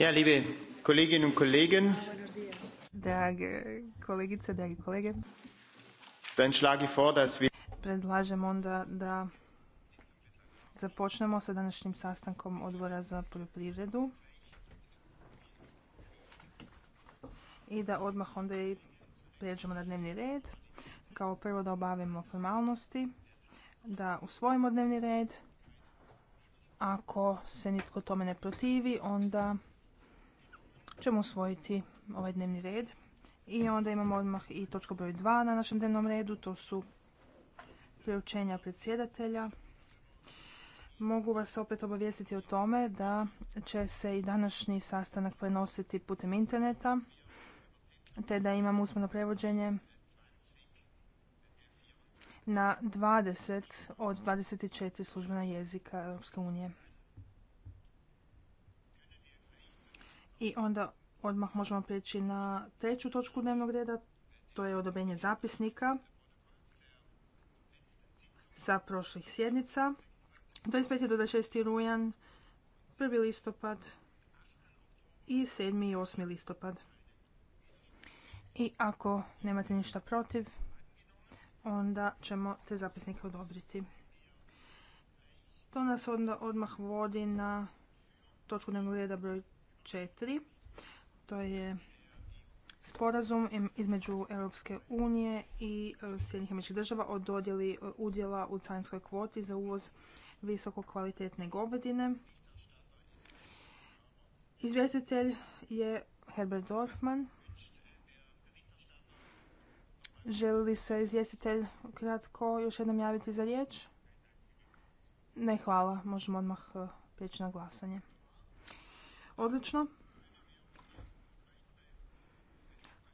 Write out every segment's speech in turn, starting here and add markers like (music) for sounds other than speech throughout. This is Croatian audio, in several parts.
Ja, liebe Kolleginnen und Kollegen. Drage kolegice, dragi kolege. Dann schlage ich vor, dass Predlažem onda da započnemo sa današnjim sastankom odbora za poljoprivredu. I da odmah onda i prijeđemo na dnevni red. Kao prvo da obavimo formalnosti, da usvojimo dnevni red. Ako se nitko tome ne protivi, onda ćemo usvojiti ovaj dnevni red. I onda imamo odmah i točku broj 2 na našem dnevnom redu, to su priučenja predsjedatelja. Mogu vas opet obavijestiti o tome da će se i današnji sastanak prenositi putem interneta, te da imamo usmeno prevođenje na 20 od 24 službena jezika Europske unije. I onda odmah možemo prijeći na treću točku dnevnog reda, to je odobrenje zapisnika sa prošlih sjednica. 25. do 26. rujan, 1. listopad i 7. i 8. listopad. I ako nemate ništa protiv, onda ćemo te zapisnike odobriti. To nas onda odmah vodi na točku dnevnog reda broj 4. To je sporazum između Europske unije i e, Sjedinjenih američkih država o dodjeli e, udjela u carinskoj kvoti za uvoz visoko kvalitetne govedine. Izvjestitelj je Herbert Dorfman. Želi li se izvjestitelj kratko još jednom javiti za riječ? Ne, hvala. Možemo odmah e, prijeći na glasanje. Odlično.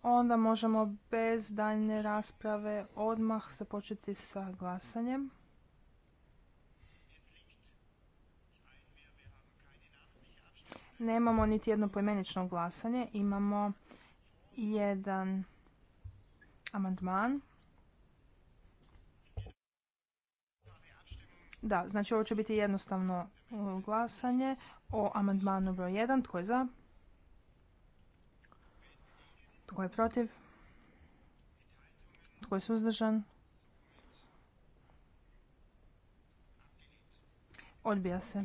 Onda možemo bez daljne rasprave odmah započeti sa glasanjem. Nemamo niti jedno poimenično glasanje, imamo jedan amandman. Da, znači ovo će biti jednostavno uh, glasanje o amandmanu broj 1. Tko je za? Tko je protiv? Tko je suzdržan? Odbija se.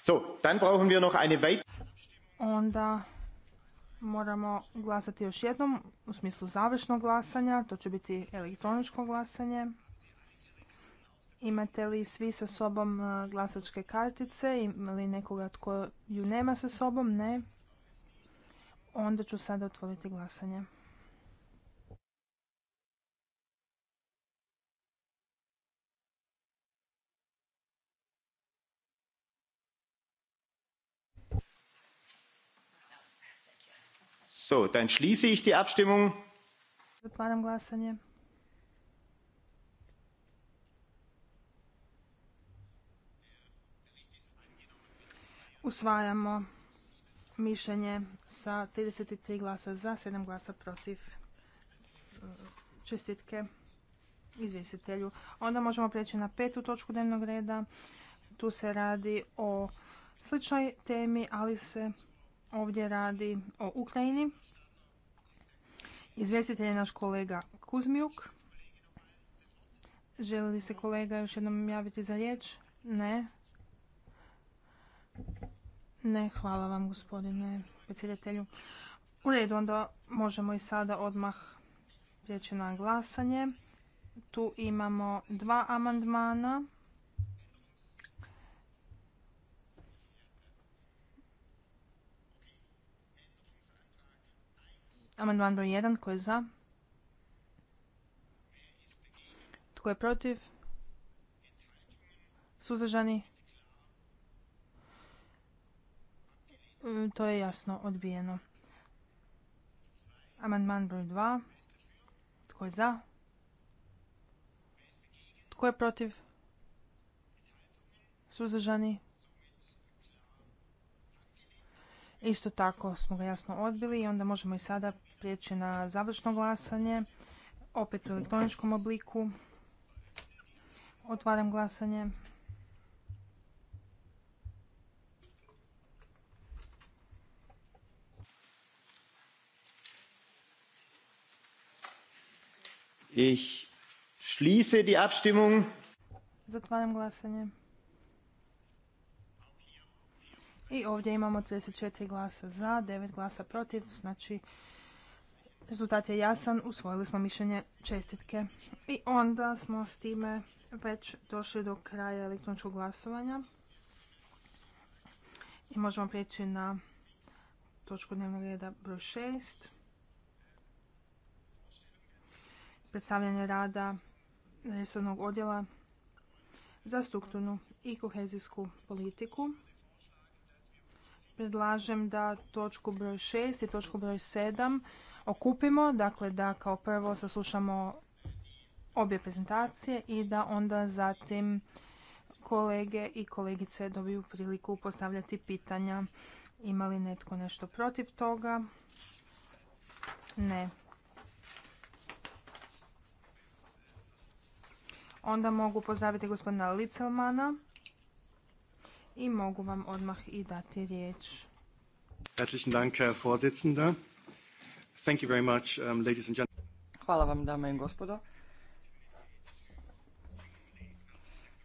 So, dann brauchen wir noch eine Onda Moramo glasati još jednom u smislu završnog glasanja, to će biti elektroničko glasanje. Imate li svi sa sobom e, glasačke kartice? Ima li nekoga tko ju nema sa sobom? Ne. Onda ću sada otvoriti glasanje. dann Zatvaram glasanje. Usvajamo mišljenje sa 33 glasa za, 7 glasa protiv čestitke izvjestitelju. Onda možemo prijeći na petu točku dnevnog reda. Tu se radi o sličnoj temi, ali se ovdje radi o Ukrajini. Izvjestitelj je naš kolega Kuzmijuk. Želi li se kolega još jednom javiti za riječ? Ne. Ne, hvala vam gospodine predsjedatelju. U redu onda možemo i sada odmah prijeći na glasanje. Tu imamo dva amandmana Amandman broj 1. Tko je za? Tko je protiv? Suzdržani? E, to je jasno odbijeno. Amandman broj 2. Tko je za? Tko je protiv? Suzdržani? Isto tako smo ga jasno odbili i onda možemo i sada prijeći na završno glasanje, opet u elektroničkom obliku. Otvaram glasanje. Ich schließe die Abstimmung. Zatvaram glasanje. I ovdje imamo 34 glasa za, 9 glasa protiv, znači Rezultat je jasan, usvojili smo mišljenje čestitke. I onda smo s time već došli do kraja elektroničkog glasovanja. I možemo prijeći na točku dnevnog reda broj 6. Predstavljanje rada resornog odjela za strukturnu i kohezijsku politiku predlažem da točku broj 6 i točku broj 7 okupimo, dakle da kao prvo saslušamo obje prezentacije i da onda zatim kolege i kolegice dobiju priliku postavljati pitanja. Ima li netko nešto protiv toga? Ne. Onda mogu pozdraviti gospodina Licelmana i mogu vam odmah i dati riječ. Herzlichen Dank, Herr Vorsitzender. Thank you um, Hvala vam, dame i gospodo.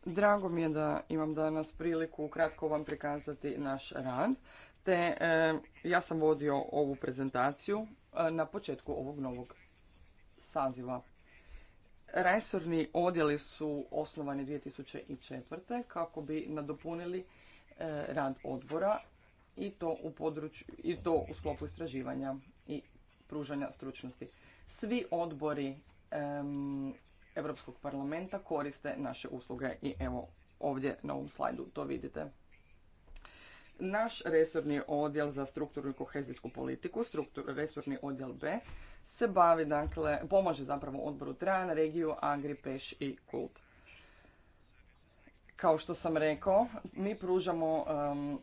Drago mi je da imam danas priliku kratko vam prikazati naš rad, te eh, ja sam vodio ovu prezentaciju eh, na početku ovog novog saziva. Resorni odjeli su osnovani 2004. kako bi nadopunili E, rad odbora i to u, i to sklopu istraživanja i pružanja stručnosti. Svi odbori Europskog parlamenta koriste naše usluge i evo ovdje na ovom slajdu to vidite. Naš resorni odjel za strukturnu i kohezijsku politiku, resorni odjel B, se bavi, dakle, pomaže zapravo odboru Trajan, regiju, Agri, Peš i Kult. Kao što sam rekao, mi pružamo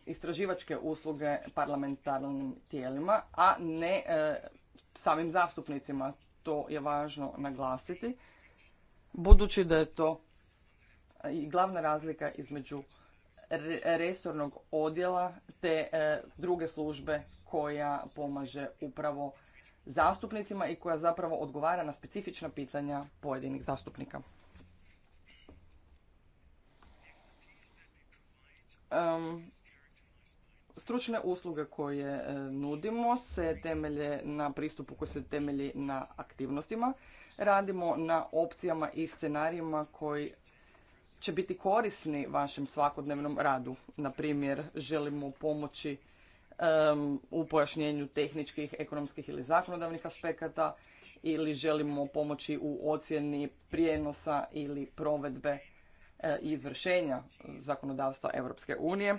istraživačke usluge parlamentarnim tijelima, a ne e, samim zastupnicima. To je važno naglasiti, budući da je to e, i glavna razlika između resornog odjela te e, druge službe koja pomaže upravo zastupnicima i koja zapravo odgovara na specifična pitanja pojedinih zastupnika. stručne usluge koje e, nudimo se temelje na pristupu koji se temelji na aktivnostima. Radimo na opcijama i scenarijima koji će biti korisni vašem svakodnevnom radu. Na primjer, želimo pomoći u pojašnjenju tehničkih, ekonomskih ili zakonodavnih aspekata ili želimo pomoći u ocjeni prijenosa ili provedbe i e, izvršenja zakonodavstva Europske unije. E,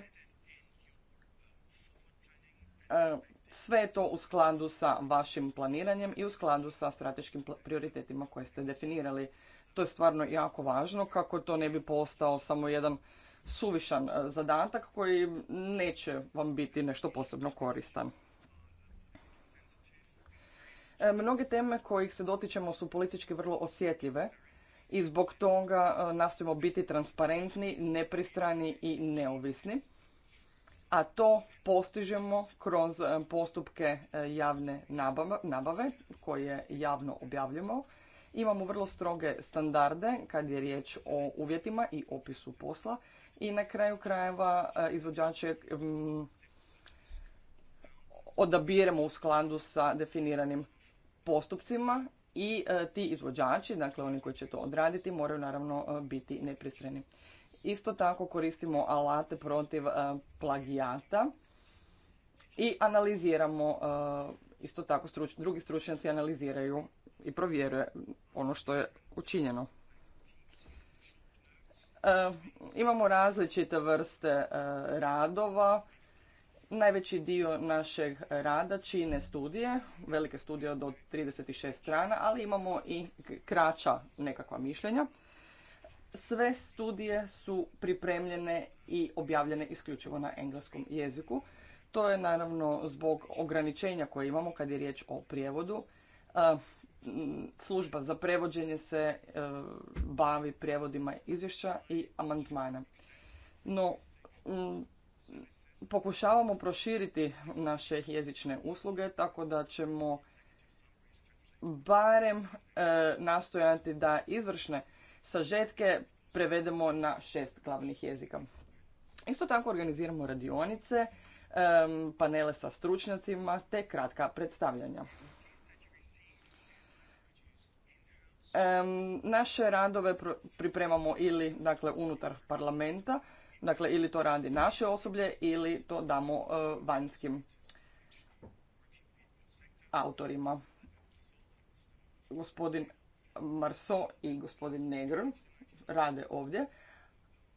sve je to u skladu sa vašim planiranjem i u skladu sa strateškim prioritetima koje ste definirali. To je stvarno jako važno kako to ne bi postao samo jedan suvišan e, zadatak koji neće vam biti nešto posebno koristan. Mnoge teme kojih se dotičemo su politički vrlo osjetljive i zbog toga e, nastojimo biti transparentni, nepristrani i neovisni. A to postižemo kroz e, postupke e, javne nabave koje javno objavljamo. Imamo vrlo stroge standarde kad je riječ o uvjetima i opisu posla i na kraju krajeva izvođače odabiremo u skladu sa definiranim postupcima i e, ti izvođači, dakle oni koji će to odraditi, moraju naravno e, biti nepristreni. Isto tako koristimo alate protiv e, plagijata i analiziramo, isto tako drugi stručnjaci analiziraju i provjeruje ono što je učinjeno. Imamo različite vrste radova, Najveći dio našeg rada čine studije, velike studije do 36 strana, ali imamo i kraća nekakva mišljenja. Sve studije su pripremljene i objavljene isključivo na engleskom jeziku. To je naravno zbog ograničenja koje imamo kad je riječ o prijevodu. E, služba za prevođenje se e, bavi prijevodima izvješća i amandmana. No, pokušavamo proširiti naše jezične usluge tako da ćemo barem e, nastojati da izvršne sažetke prevedemo na šest glavnih jezika. Isto tako organiziramo radionice, e, panele sa stručnjacima te kratka predstavljanja. E, naše radove pripremamo ili dakle unutar parlamenta Dakle, ili to radi naše osoblje ili to damo e, vanjskim autorima. Gospodin Marso i gospodin Negr rade ovdje,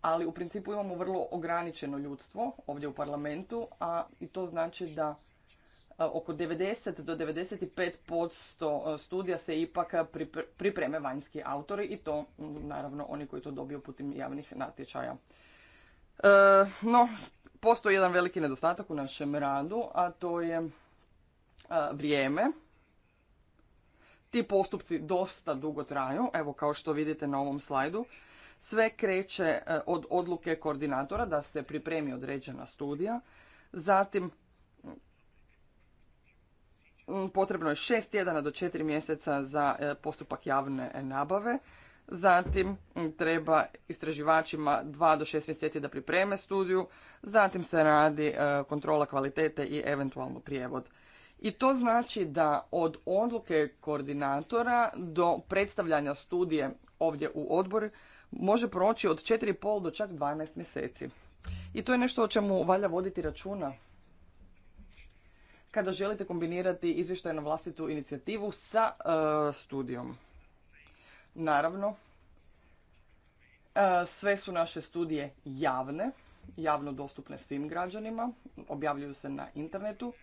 ali u principu imamo vrlo ograničeno ljudstvo ovdje u parlamentu, a i to znači da e, oko 90 do 95% e, studija se ipak pripreme vanjski autori i to naravno oni koji to dobiju putem javnih natječaja. E, no, postoji jedan veliki nedostatak u našem radu, a to je e, vrijeme. Ti postupci dosta dugo traju, evo kao što vidite na ovom slajdu. Sve kreće e, od odluke koordinatora da se pripremi određena studija, zatim potrebno je šest tjedana do četiri mjeseca za postupak javne nabave, zatim treba istraživačima 2 do 6 mjeseci da pripreme studiju, zatim se radi e, kontrola kvalitete i eventualno prijevod. I to znači da od odluke koordinatora do predstavljanja studije ovdje u odbor može proći od 4,5 do čak 12 mjeseci. I to je nešto o čemu valja voditi računa kada želite kombinirati izvještaj na vlastitu inicijativu sa e, studijom. Naravno, e, sve su naše studije javne, javno dostupne svim građanima, objavljuju se na internetu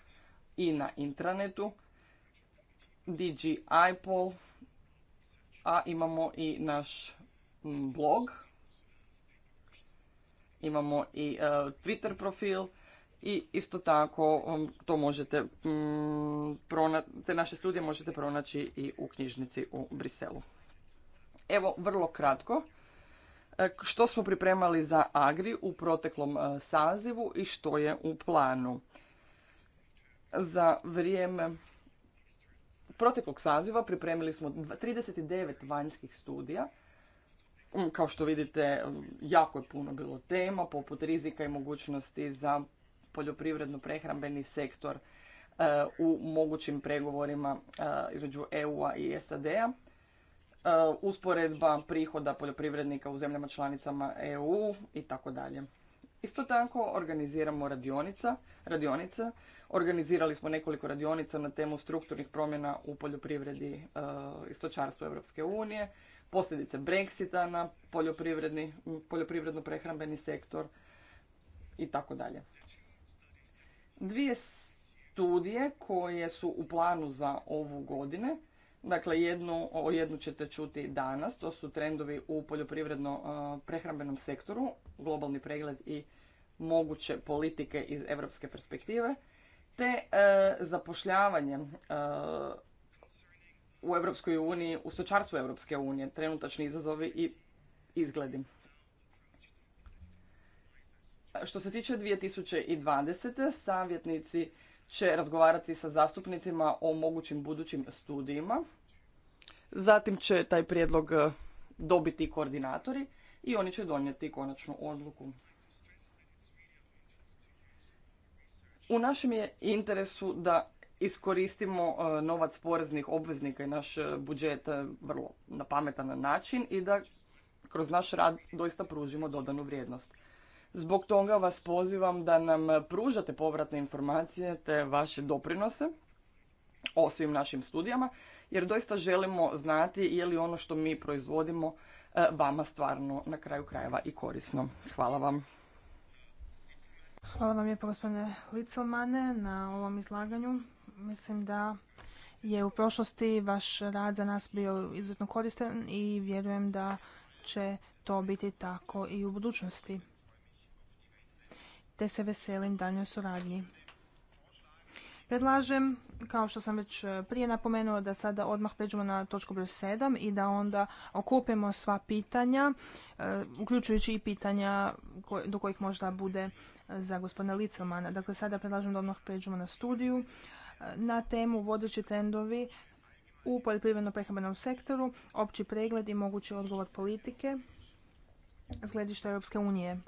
i na intranetu, DG iPol, a imamo i naš blog, imamo i e, Twitter profil i isto tako to možete, te naše studije možete pronaći i u knjižnici u Briselu. Evo, vrlo kratko, e, što smo pripremali za Agri u proteklom e, sazivu i što je u planu. Za vrijeme proteklog saziva pripremili smo 39 vanjskih studija. Mm, kao što vidite, mm, jako je puno bilo tema, poput rizika i mogućnosti za poljoprivredno-prehrambeni sektor e, u mogućim pregovorima između EU-a i SAD-a. E, usporedba prihoda poljoprivrednika u zemljama članicama EU i tako dalje. Isto tako organiziramo radionica, radionice. Organizirali smo nekoliko radionica na temu strukturnih promjena u poljoprivredi istočarstvu e, i stočarstvu Europske unije, posljedice Brexita na poljoprivredno prehrambeni sektor i tako dalje. Dvije studije koje su u planu za ovu godinu Dakle, jednu, o jednu ćete čuti danas, to su trendovi u poljoprivredno-prehrambenom sektoru, globalni pregled i moguće politike iz europske perspektive, te e, zapošljavanje e, u Europskoj uniji, u stočarstvu Europske unije, trenutačni izazovi i izgledi. Što se tiče 2020. savjetnici će razgovarati sa zastupnicima o mogućim budućim studijima. Zatim će taj prijedlog e, dobiti koordinatori i oni će donijeti konačnu odluku. U našem je interesu da iskoristimo e, novac poreznih obveznika i naš e, budžet vrlo na pametan način i da kroz naš rad doista pružimo dodanu vrijednost. Zbog toga vas pozivam da nam pružate povratne informacije te vaše doprinose o svim našim studijama, jer doista želimo znati je li ono što mi proizvodimo e, vama stvarno na kraju krajeva i korisno. Hvala vam. Hvala vam lijepo gospodine Licelmane na ovom izlaganju. Mislim da je u prošlosti vaš rad za nas bio izuzetno koristan i vjerujem da će to biti tako i u budućnosti te se veselim daljnjoj suradnji. Predlažem, kao što sam već e, prije napomenuo, da sada odmah pređemo na točku broj 7 i da onda okupimo sva pitanja, e, uključujući i pitanja do kojih možda bude e, za gospodina Licelmana. Dakle, sada predlažem da odmah pređemo na studiju na temu vodeći trendovi u poljoprivredno-prehrambenom sektoru, opći pregled i mogući odgovor politike s gledišta Europske unije.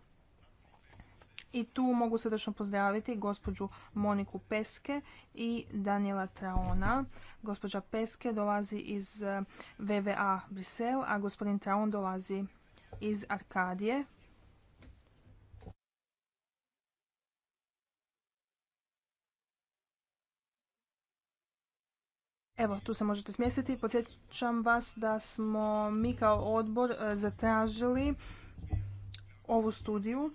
I tu mogu srdečno pozdraviti gospođu Moniku Peske i Daniela Traona. Gospođa Peske dolazi iz e, VVA Brisel, a gospodin Traon dolazi iz Arkadije. Evo, tu se možete smjestiti. Podsjećam vas da smo mi kao odbor e, zatražili ovu studiju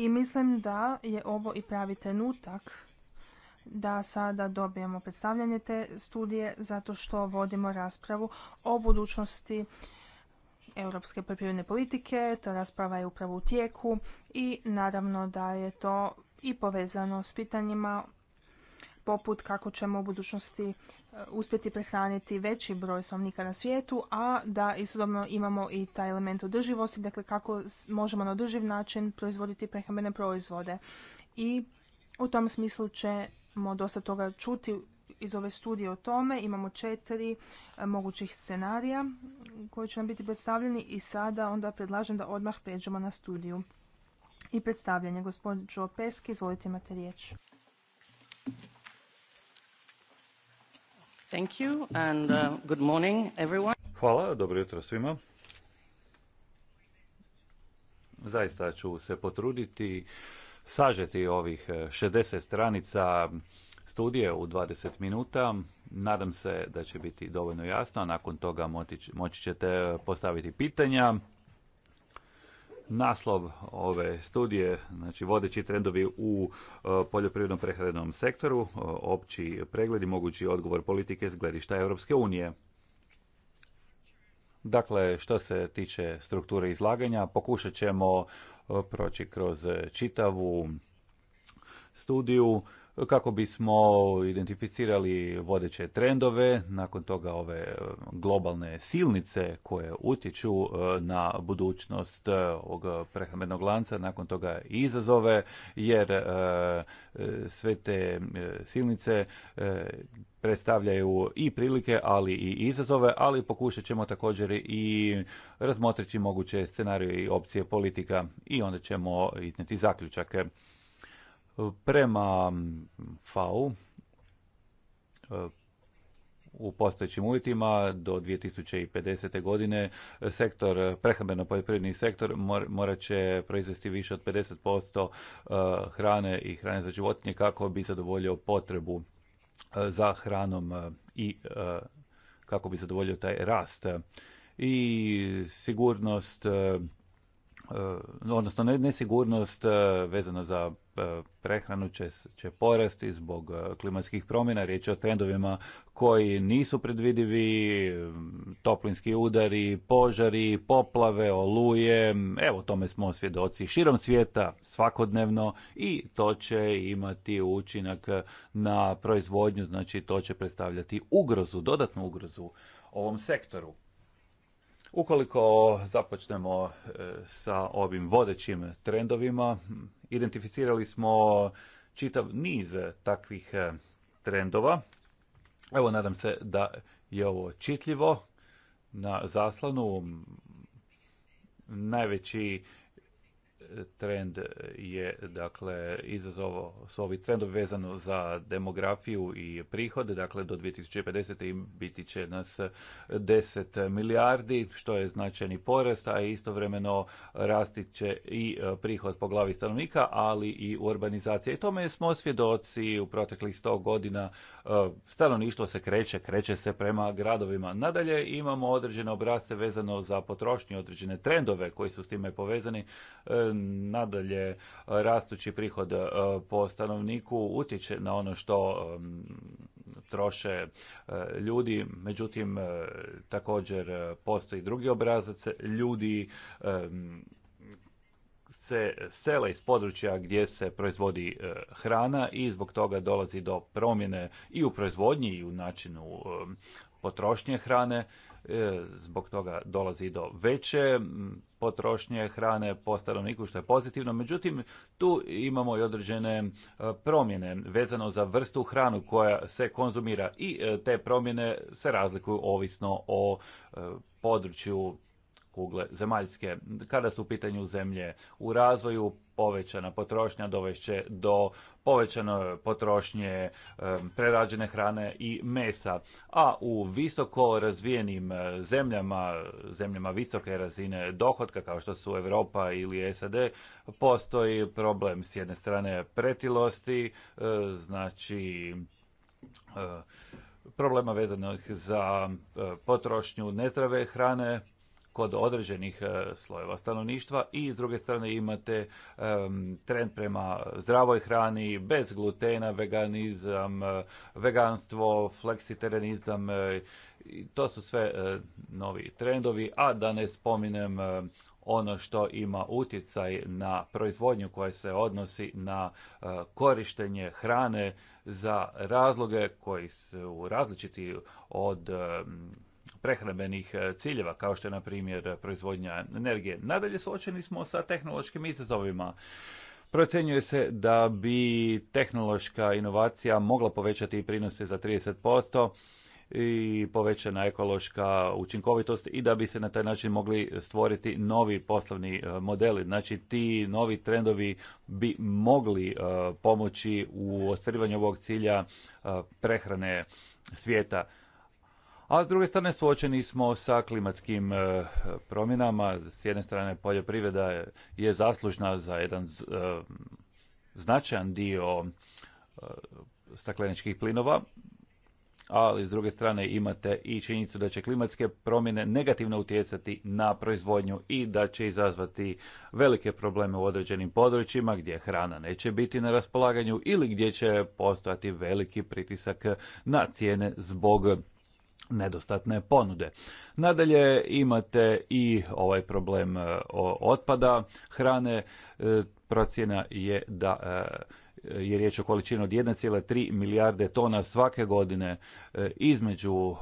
i mislim da je ovo i pravi trenutak da sada dobijemo predstavljanje te studije zato što vodimo raspravu o budućnosti europske poljoprivredne politike. Ta rasprava je upravo u tijeku i naravno da je to i povezano s pitanjima poput kako ćemo u budućnosti uspjeti prehraniti veći broj stanovnika na svijetu, a da istodobno imamo i taj element održivosti, dakle kako možemo na održiv način proizvoditi prehrambene proizvode. I u tom smislu ćemo dosta toga čuti iz ove studije o tome. Imamo četiri e, mogućih scenarija koji će nam biti predstavljeni i sada onda predlažem da odmah pređemo na studiju i predstavljanje. Gospodin Peski, izvolite imate riječ. Uh, Hvala, dobro jutro svima. Zaista ću se potruditi sažeti ovih 60 e, stranica studije u 20 minuta. Nadam se da će biti dovoljno jasno, a nakon toga moći ćete postaviti pitanja naslov ove studije, znači vodeći trendovi u e, poljoprivrednom prehranom sektoru, e, opći pregled i mogući odgovor politike s gledišta Europske unije. Dakle, što se tiče strukture izlaganja, pokušat ćemo e, proći kroz čitavu studiju kako bismo identificirali vodeće trendove, nakon toga ove e, globalne silnice koje utječu e, na budućnost e, ovog prehrambenog lanca, nakon toga i izazove, jer sve te silnice predstavljaju i prilike, ali i izazove, ali pokušat ćemo također i razmotriti moguće scenarije i opcije politika i onda ćemo iznijeti zaključake. Prema FAU e, u postojećim uvjetima do 2050. godine e, sektor, prehrambeno poljoprivredni sektor morat će proizvesti više od 50% e, hrane i hrane za životinje kako bi zadovoljio potrebu za hranom i kako bi zadovoljio taj rast. I sigurnost, odnosno nesigurnost vezano za E, prehranu će, će porasti zbog e, klimatskih promjena. Riječ je o trendovima koji nisu predvidivi, e, toplinski udari, požari, poplave, oluje. Evo tome smo svjedoci širom svijeta svakodnevno i to će imati učinak na proizvodnju, znači to će predstavljati ugrozu, dodatnu ugrozu ovom sektoru. Ukoliko započnemo e, sa ovim vodećim trendovima, identificirali smo čitav niz takvih e, trendova. Evo, nadam se da je ovo čitljivo na zaslanu. Najveći trend je dakle izazovo su ovi trendovi vezano za demografiju i prihode, dakle do 2050. biti će nas 10 milijardi, što je značajni porast, a istovremeno rasti će i prihod po glavi stanovnika, ali i urbanizacija. I tome smo svjedoci u proteklih 100 godina stanovništvo se kreće, kreće se prema gradovima. Nadalje imamo određene obrasce vezano za potrošnju, određene trendove koji su s time povezani nadalje e, rastući prihod e, po stanovniku utječe na ono što troše e, ljudi, međutim također postoji drugi obrazac, ljudi se sele iz područja gdje se proizvodi hrana i zbog toga dolazi do promjene i u proizvodnji i u načinu potrošnje hrane E, zbog toga dolazi do veće potrošnje hrane po stanovniku što je pozitivno. Međutim, tu imamo i određene e, promjene vezano za vrstu hranu koja se konzumira i e, te promjene se razlikuju ovisno o području kugle zemaljske. Kada su u pitanju zemlje u razvoju, povećana potrošnja dovešće do povećane potrošnje prerađene hrane i mesa. A u visoko razvijenim e, zemljama, zemljama visoke razine dohotka kao što su Europa ili SAD, postoji problem s jedne strane pretilosti, e, znači e, problema vezanih za potrošnju nezdrave hrane, kod određenih e, slojeva stanovništva i s druge strane imate trend prema zdravoj hrani, bez glutena, veganizam, e, veganstvo, fleksiterenizam, e, to su sve novi trendovi, a da ne spominem ono što ima utjecaj na proizvodnju koja se odnosi na korištenje hrane za razloge koji su različiti od prehrambenih e, ciljeva, kao što je, na primjer, proizvodnja energije. Nadalje, suočeni smo sa tehnološkim izazovima. Procjenjuje se da bi tehnološka inovacija mogla povećati prinose za 30% i povećana ekološka učinkovitost i da bi se na taj način mogli stvoriti novi poslovni e, modeli. Znači ti novi trendovi bi mogli e, pomoći u ostvarivanju ovog cilja prehrane svijeta a s druge strane suočeni smo sa klimatskim eh, promjenama. S jedne strane poljoprivreda je zaslužna za jedan eh, značajan dio eh, stakleničkih plinova, ali s druge strane imate i činjenicu da će klimatske promjene negativno utjecati na proizvodnju i da će izazvati velike probleme u određenim područjima gdje hrana neće biti na raspolaganju ili gdje će postojati veliki pritisak na cijene zbog nedostatne ponude. Nadalje imate i ovaj problem e, otpada hrane. E, procjena je da e, je riječ o količini od 1,3 milijarde tona svake godine između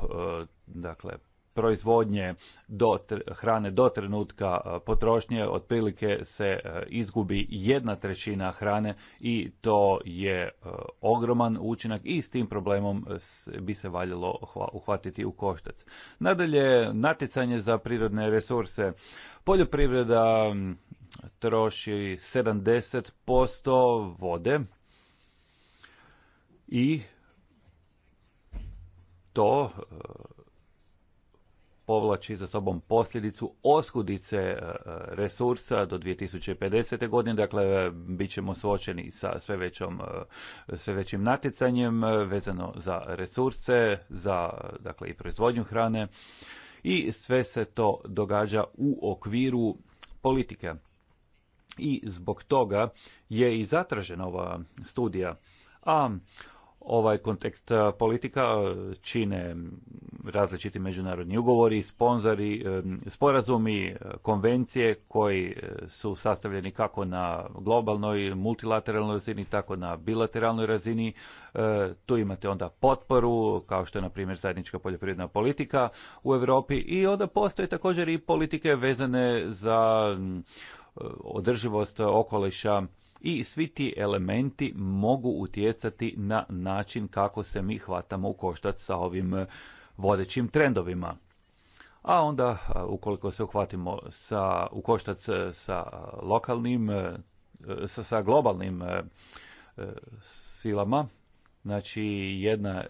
dakle proizvodnje do hrane do trenutka potrošnje otprilike se izgubi jedna trećina hrane i to je ogroman učinak i s tim problemom bi se valjalo uhvatiti u koštac. Nadalje, natjecanje za prirodne resurse. Poljoprivreda troši 70% vode i to povlači za sobom posljedicu oskudice e, e, resursa do 2050. godine. Dakle, bit ćemo suočeni sa sve, većom, e, sve većim natjecanjem vezano za resurse, za dakle, i proizvodnju hrane i sve se to događa u okviru politike. I zbog toga je i zatražena ova studija. A ovaj kontekst politika čine različiti međunarodni ugovori, sponzori, e, sporazumi, e, konvencije koji e, su sastavljeni kako na globalnoj, multilateralnoj razini, tako na bilateralnoj razini. Tu imate onda potporu, kao što je na primjer zajednička poljoprivredna politika u Europi i onda postoje također i politike vezane za održivost okoliša i svi ti elementi mogu utjecati na način kako se mi hvatamo u koštac sa ovim e, vodećim trendovima. A onda, e, ukoliko se uhvatimo sa, u koštac e, sa lokalnim, sa, sa globalnim silama, Znači, jedna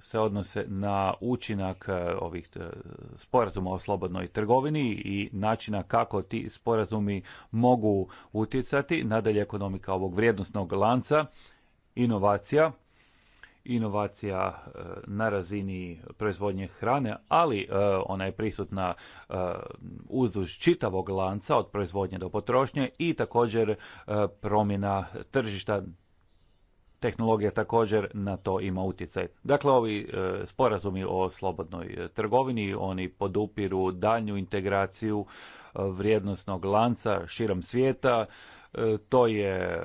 se odnose na učinak e, ovih e, sporazuma o slobodnoj trgovini i načina kako ti sporazumi mogu utjecati. Nadalje, ekonomika ovog vrijednostnog lanca, inovacija, inovacija e, na razini proizvodnje hrane, ali ona je prisutna uzduž čitavog lanca od proizvodnje do potrošnje i također promjena tržišta tehnologija također na to ima utjecaj. Dakle, ovi e, sporazumi o slobodnoj e, trgovini, oni podupiru daljnju integraciju e, vrijednosnog lanca širom svijeta. To je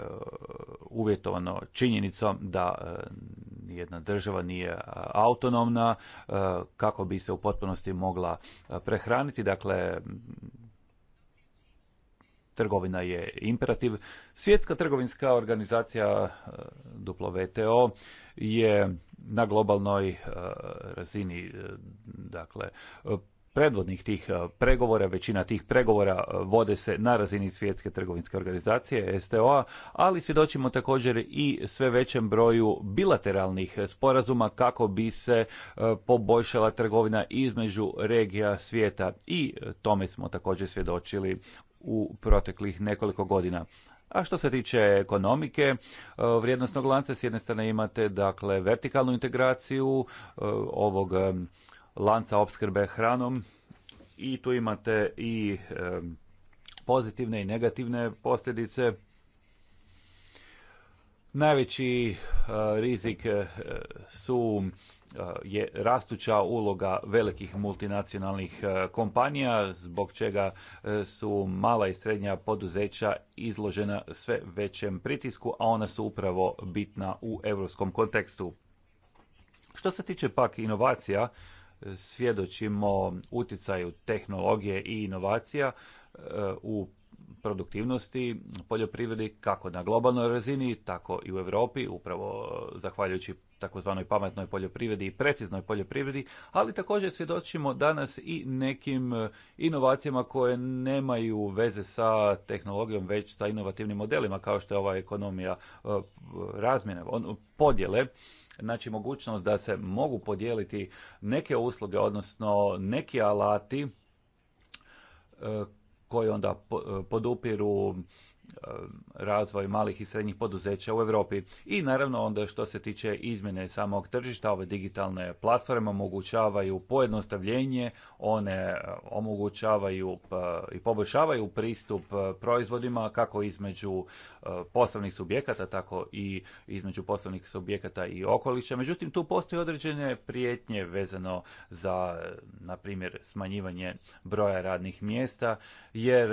uvjetovano činjenicom da jedna država nije autonomna kako bi se u potpunosti mogla prehraniti. Dakle, trgovina je imperativ. Svjetska trgovinska organizacija e, WTO je na globalnoj e, razini e, dakle predvodnih tih pregovora, većina tih pregovora vode se na razini svjetske trgovinske organizacije STO-a, ali svjedočimo također i sve većem broju bilateralnih sporazuma kako bi se poboljšala trgovina između regija svijeta i tome smo također svjedočili u proteklih nekoliko godina. A što se tiče ekonomike, e, vrijednostnog lanca s jedne strane imate dakle vertikalnu integraciju e, ovog e, lanca opskrbe hranom i tu imate i pozitivne i negativne posljedice. Najveći rizik su E, je rastuća uloga velikih multinacionalnih e, kompanija zbog čega e, su mala i srednja poduzeća izložena sve većem pritisku, a ona su upravo bitna u europskom kontekstu. Što se tiče pak inovacija, svjedočimo utjecaju tehnologije i inovacija u produktivnosti poljoprivredi kako na globalnoj razini, tako i u Europi, upravo zahvaljujući takozvanoj pametnoj poljoprivredi i preciznoj poljoprivredi, ali također svjedočimo danas i nekim e, inovacijama koje nemaju veze sa tehnologijom, već sa inovativnim modelima, kao što je ova ekonomija e, razmjene, podjele, znači mogućnost da se mogu podijeliti neke usluge, odnosno neki alati e, koji onda podupiru E, razvoj malih i srednjih poduzeća u Europi. I naravno onda što se tiče izmjene samog tržišta, ove digitalne platforme omogućavaju pojednostavljenje, one e, omogućavaju e, i poboljšavaju pristup proizvodima kako između poslovnih subjekata, tako i između poslovnih subjekata i okoliša. Međutim, tu postoje određene prijetnje vezano za, na primjer, smanjivanje broja radnih mjesta, jer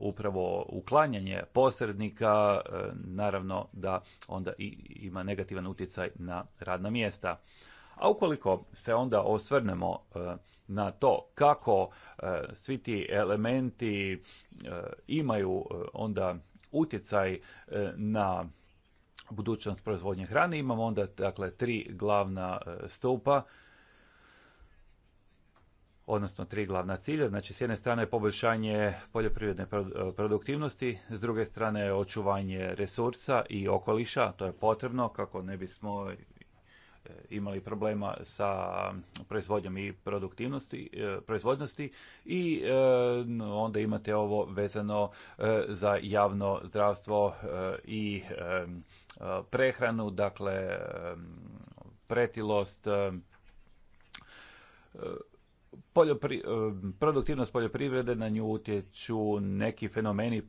upravo uklanje uklanjanje posrednika, e, naravno da onda i ima negativan utjecaj na radna mjesta. A ukoliko se onda osvrnemo e, na to kako e, svi ti elementi imaju onda utjecaj na budućnost proizvodnje hrane, imamo onda dakle tri glavna stupa odnosno tri glavna cilja. Znači, s jedne strane poboljšanje poljoprivredne e, produktivnosti, s druge strane očuvanje resursa i okoliša, to je potrebno kako ne bismo e, imali problema sa proizvodnjom i produktivnosti, e, proizvodnosti i onda imate ovo vezano za javno zdravstvo i prehranu, dakle pretilost, produktivnost poljoprivrede na nju utječu neki fenomeni,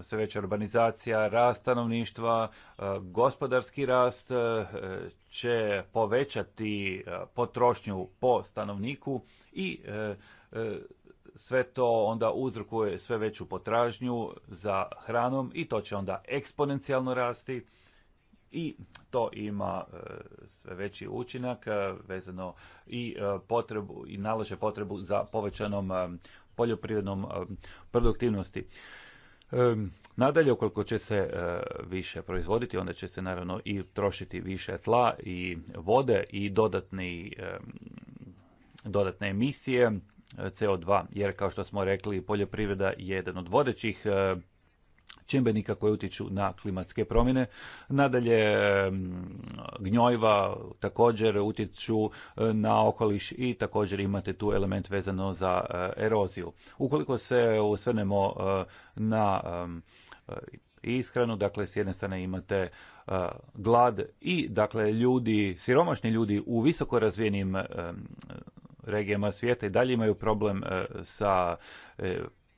sve veća urbanizacija, rast stanovništva, gospodarski rast će povećati potrošnju po stanovniku i sve to onda uzrokuje sve veću potražnju za hranom i to će onda eksponencijalno rasti i to ima e, sve veći učinak e, vezano i e, potrebu i nalaže potrebu za povećanom poljoprivrednom produktivnosti. Nadalje, ukoliko će se više proizvoditi, onda će se naravno i trošiti više tla i vode i dodatni, dodatne emisije CO2, jer kao što smo rekli, poljoprivreda je jedan od vodećih čimbenika koji utječu na klimatske promjene. Nadalje, mm, gnjojva također utječu e, na okoliš i također imate tu element vezano za e, eroziju. Ukoliko se usvrnemo e, na ishranu, dakle s jedne strane imate glad i dakle ljudi, siromašni ljudi u visoko razvijenim regijama svijeta i dalje imaju problem sa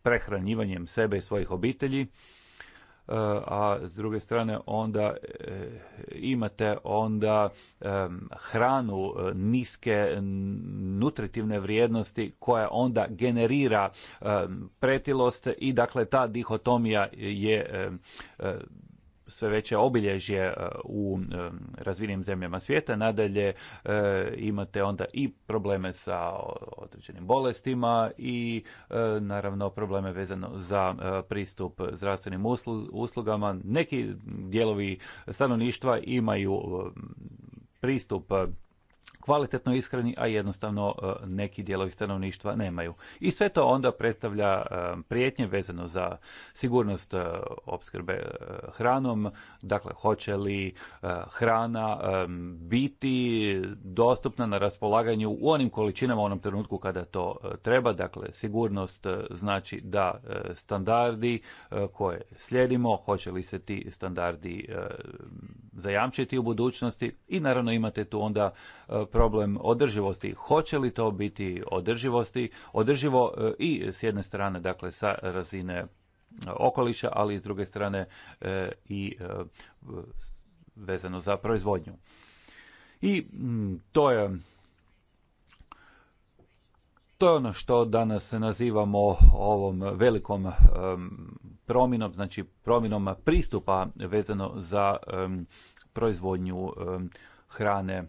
prehranjivanjem sebe i svojih obitelji E, a s druge strane onda e, imate onda e, hranu niske nutritivne vrijednosti koja onda generira pretilost i dakle ta dihotomija je sve veće obilježje e, u e, razvijenim zemljama svijeta. Nadalje e, imate onda i probleme sa određenim bolestima i naravno probleme vezano za pristup zdravstvenim uslugama. Neki dijelovi stanovništva imaju pristup kvalitetno ishrani, a jednostavno e, neki dijelovi stanovništva nemaju. I sve to onda predstavlja e, prijetnje vezano za sigurnost e, opskrbe hranom, dakle hoće li hrana biti dostupna na raspolaganju u onim količinama u onom trenutku kada to treba, dakle sigurnost znači da standardi koje slijedimo, hoće li se ti standardi zajamčiti u budućnosti i naravno imate tu onda e, problem održivosti. Hoće li to biti održivosti? Održivo e, i s jedne strane, dakle, sa razine e, okoliša, ali i s druge strane i vezano za proizvodnju. I to je to je ono što danas nazivamo ovom velikom promjenom, znači promjenom pristupa vezano za proizvodnju hrane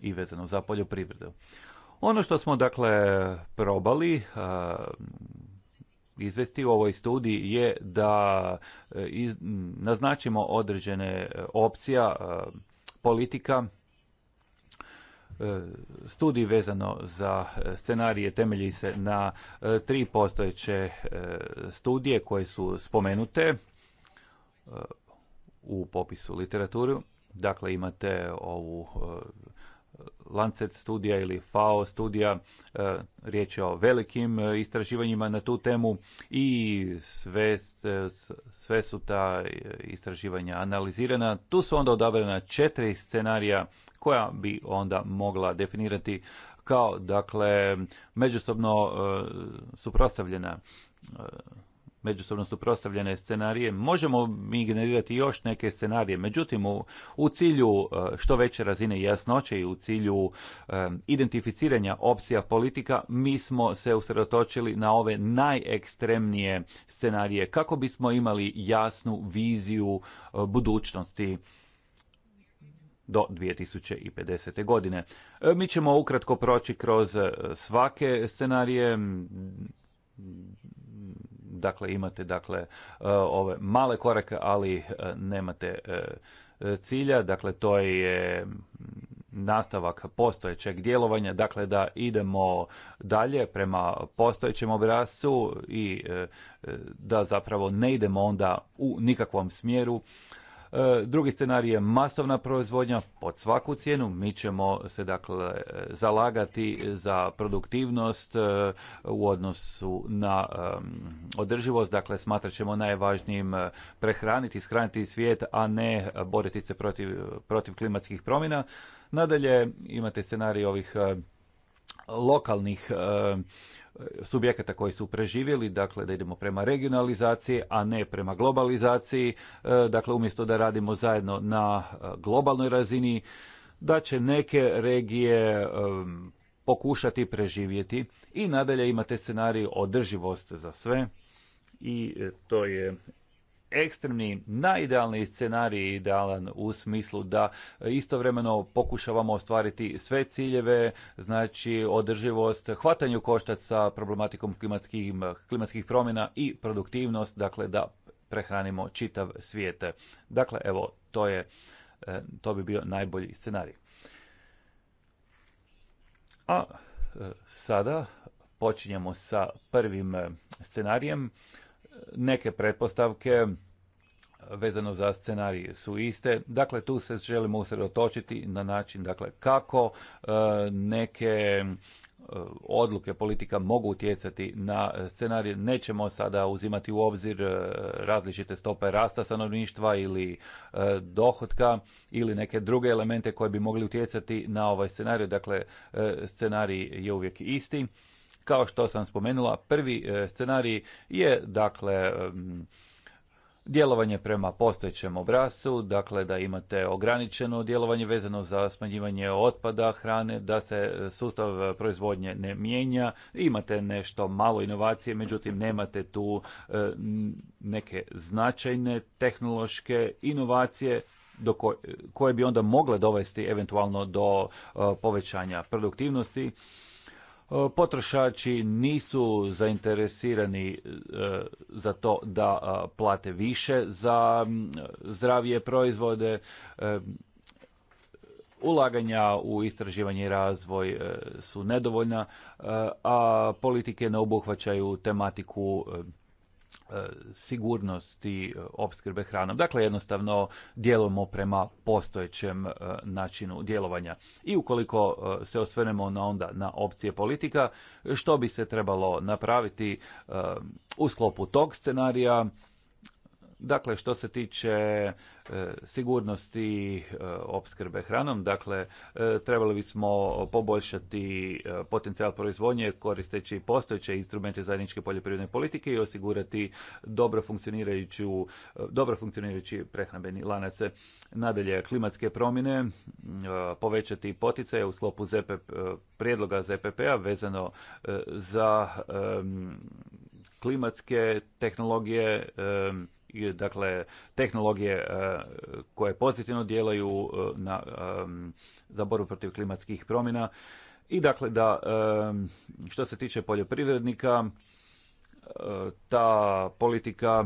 i vezano za poljoprivredu. Ono što smo dakle probali izvesti u ovoj studiji je da e, naznačimo određene opcija politika E, studij vezano za e, scenarije temelji se na e, tri postojeće studije koje su spomenute u popisu literaturu. Dakle, imate ovu Lancet studija ili FAO studija, riječ je o velikim istraživanjima na tu temu i sve, sve su ta istraživanja analizirana. Tu su onda odabrana četiri scenarija koja bi onda mogla definirati kao dakle međusobno e, suprotstavljena e, međusobno suprotstavljene scenarije. Možemo mi generirati još neke scenarije, međutim u, u cilju e, što veće razine jasnoće i u cilju identificiranja opcija politika mi smo se usredotočili na ove najekstremnije scenarije kako bismo imali jasnu viziju budućnosti do 2050. godine. E, mi ćemo ukratko proći kroz e, svake scenarije, dakle imate dakle e, ove male korake, ali nemate cilja, dakle to je nastavak postojećeg djelovanja, dakle da idemo dalje prema postojećem obrascu i da zapravo ne idemo onda u nikakvom smjeru E, drugi scenarij je masovna proizvodnja pod svaku cijenu. Mi ćemo se dakle zalagati za produktivnost e, u odnosu na održivost. Dakle, smatrat ćemo najvažnijim e, prehraniti, shraniti svijet, a ne boriti se protiv, protiv klimatskih promjena. Nadalje imate scenarij ovih lokalnih subjekata koji su preživjeli, dakle da idemo prema regionalizaciji, a ne prema globalizaciji, e, dakle umjesto da radimo zajedno na e, globalnoj razini, da će neke regije e, pokušati preživjeti i nadalje imate scenarij održivost za sve i to je ekstremni, najidealniji scenarij idealan u smislu da istovremeno pokušavamo ostvariti sve ciljeve, znači održivost, hvatanju koštac sa problematikom klimatskih, klimatskih promjena i produktivnost, dakle da prehranimo čitav svijet. Dakle, evo, to, je, e, to bi bio najbolji scenarij. A e, sada počinjemo sa prvim e, scenarijem neke pretpostavke vezano za scenarije su iste. Dakle, tu se želimo usredotočiti na način dakle, kako e, neke e, odluke politika mogu utjecati na scenarij. Nećemo sada uzimati u obzir e, različite stope rasta stanovništva ili dohotka ili neke druge elemente koje bi mogli utjecati na ovaj scenarij. Dakle, scenarij je uvijek isti kao što sam spomenula, prvi e, scenarij je dakle djelovanje prema postojećem obrascu, dakle da imate ograničeno djelovanje vezano za smanjivanje otpada hrane, da se e, sustav e, proizvodnje ne mijenja, imate nešto malo inovacije, međutim nemate tu neke značajne tehnološke inovacije do koje, koje bi onda mogle dovesti eventualno do povećanja produktivnosti E, potrošači nisu zainteresirani e, za to da e, plate više za zdravije proizvode ulaganja u istraživanje i razvoj su nedovoljna a politike ne obuhvaćaju tematiku E, sigurnosti e, opskrbe hranom. Dakle, jednostavno djelujemo prema postojećem e, načinu djelovanja. I ukoliko se osvenemo na onda na opcije politika, što bi se trebalo napraviti u sklopu tog scenarija, Dakle, što se tiče e, sigurnosti e, opskrbe hranom, dakle, e, trebali bismo poboljšati potencijal proizvodnje koristeći postojeće instrumente zajedničke poljoprivredne politike i osigurati dobro dobro funkcionirajući prehrambeni lanac. Nadalje, klimatske promjene, povećati poticaje u sklopu prijedloga ZPP-a vezano za klimatske tehnologije, dakle tehnologije e, koje pozitivno djelaju e, na, e, za borbu protiv klimatskih promjena i dakle da što se tiče poljoprivrednika ta politika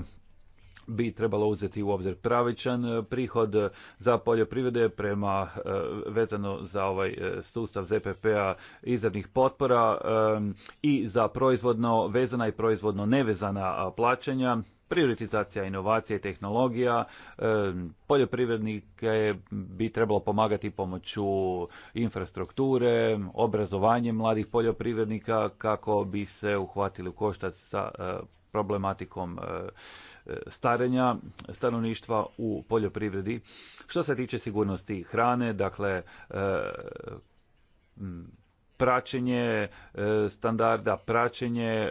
bi trebalo uzeti u obzir pravičan prihod za poljoprivrede prema vezano za ovaj sustav ZPP-a izravnih potpora i za proizvodno vezana i proizvodno nevezana plaćanja prioritizacija inovacije i tehnologija, e, poljoprivrednike bi trebalo pomagati pomoću infrastrukture, obrazovanje mladih poljoprivrednika kako bi se uhvatili u koštac sa e, problematikom e, starenja stanovništva u poljoprivredi. Što se tiče sigurnosti hrane, dakle praćenje standarda, praćenje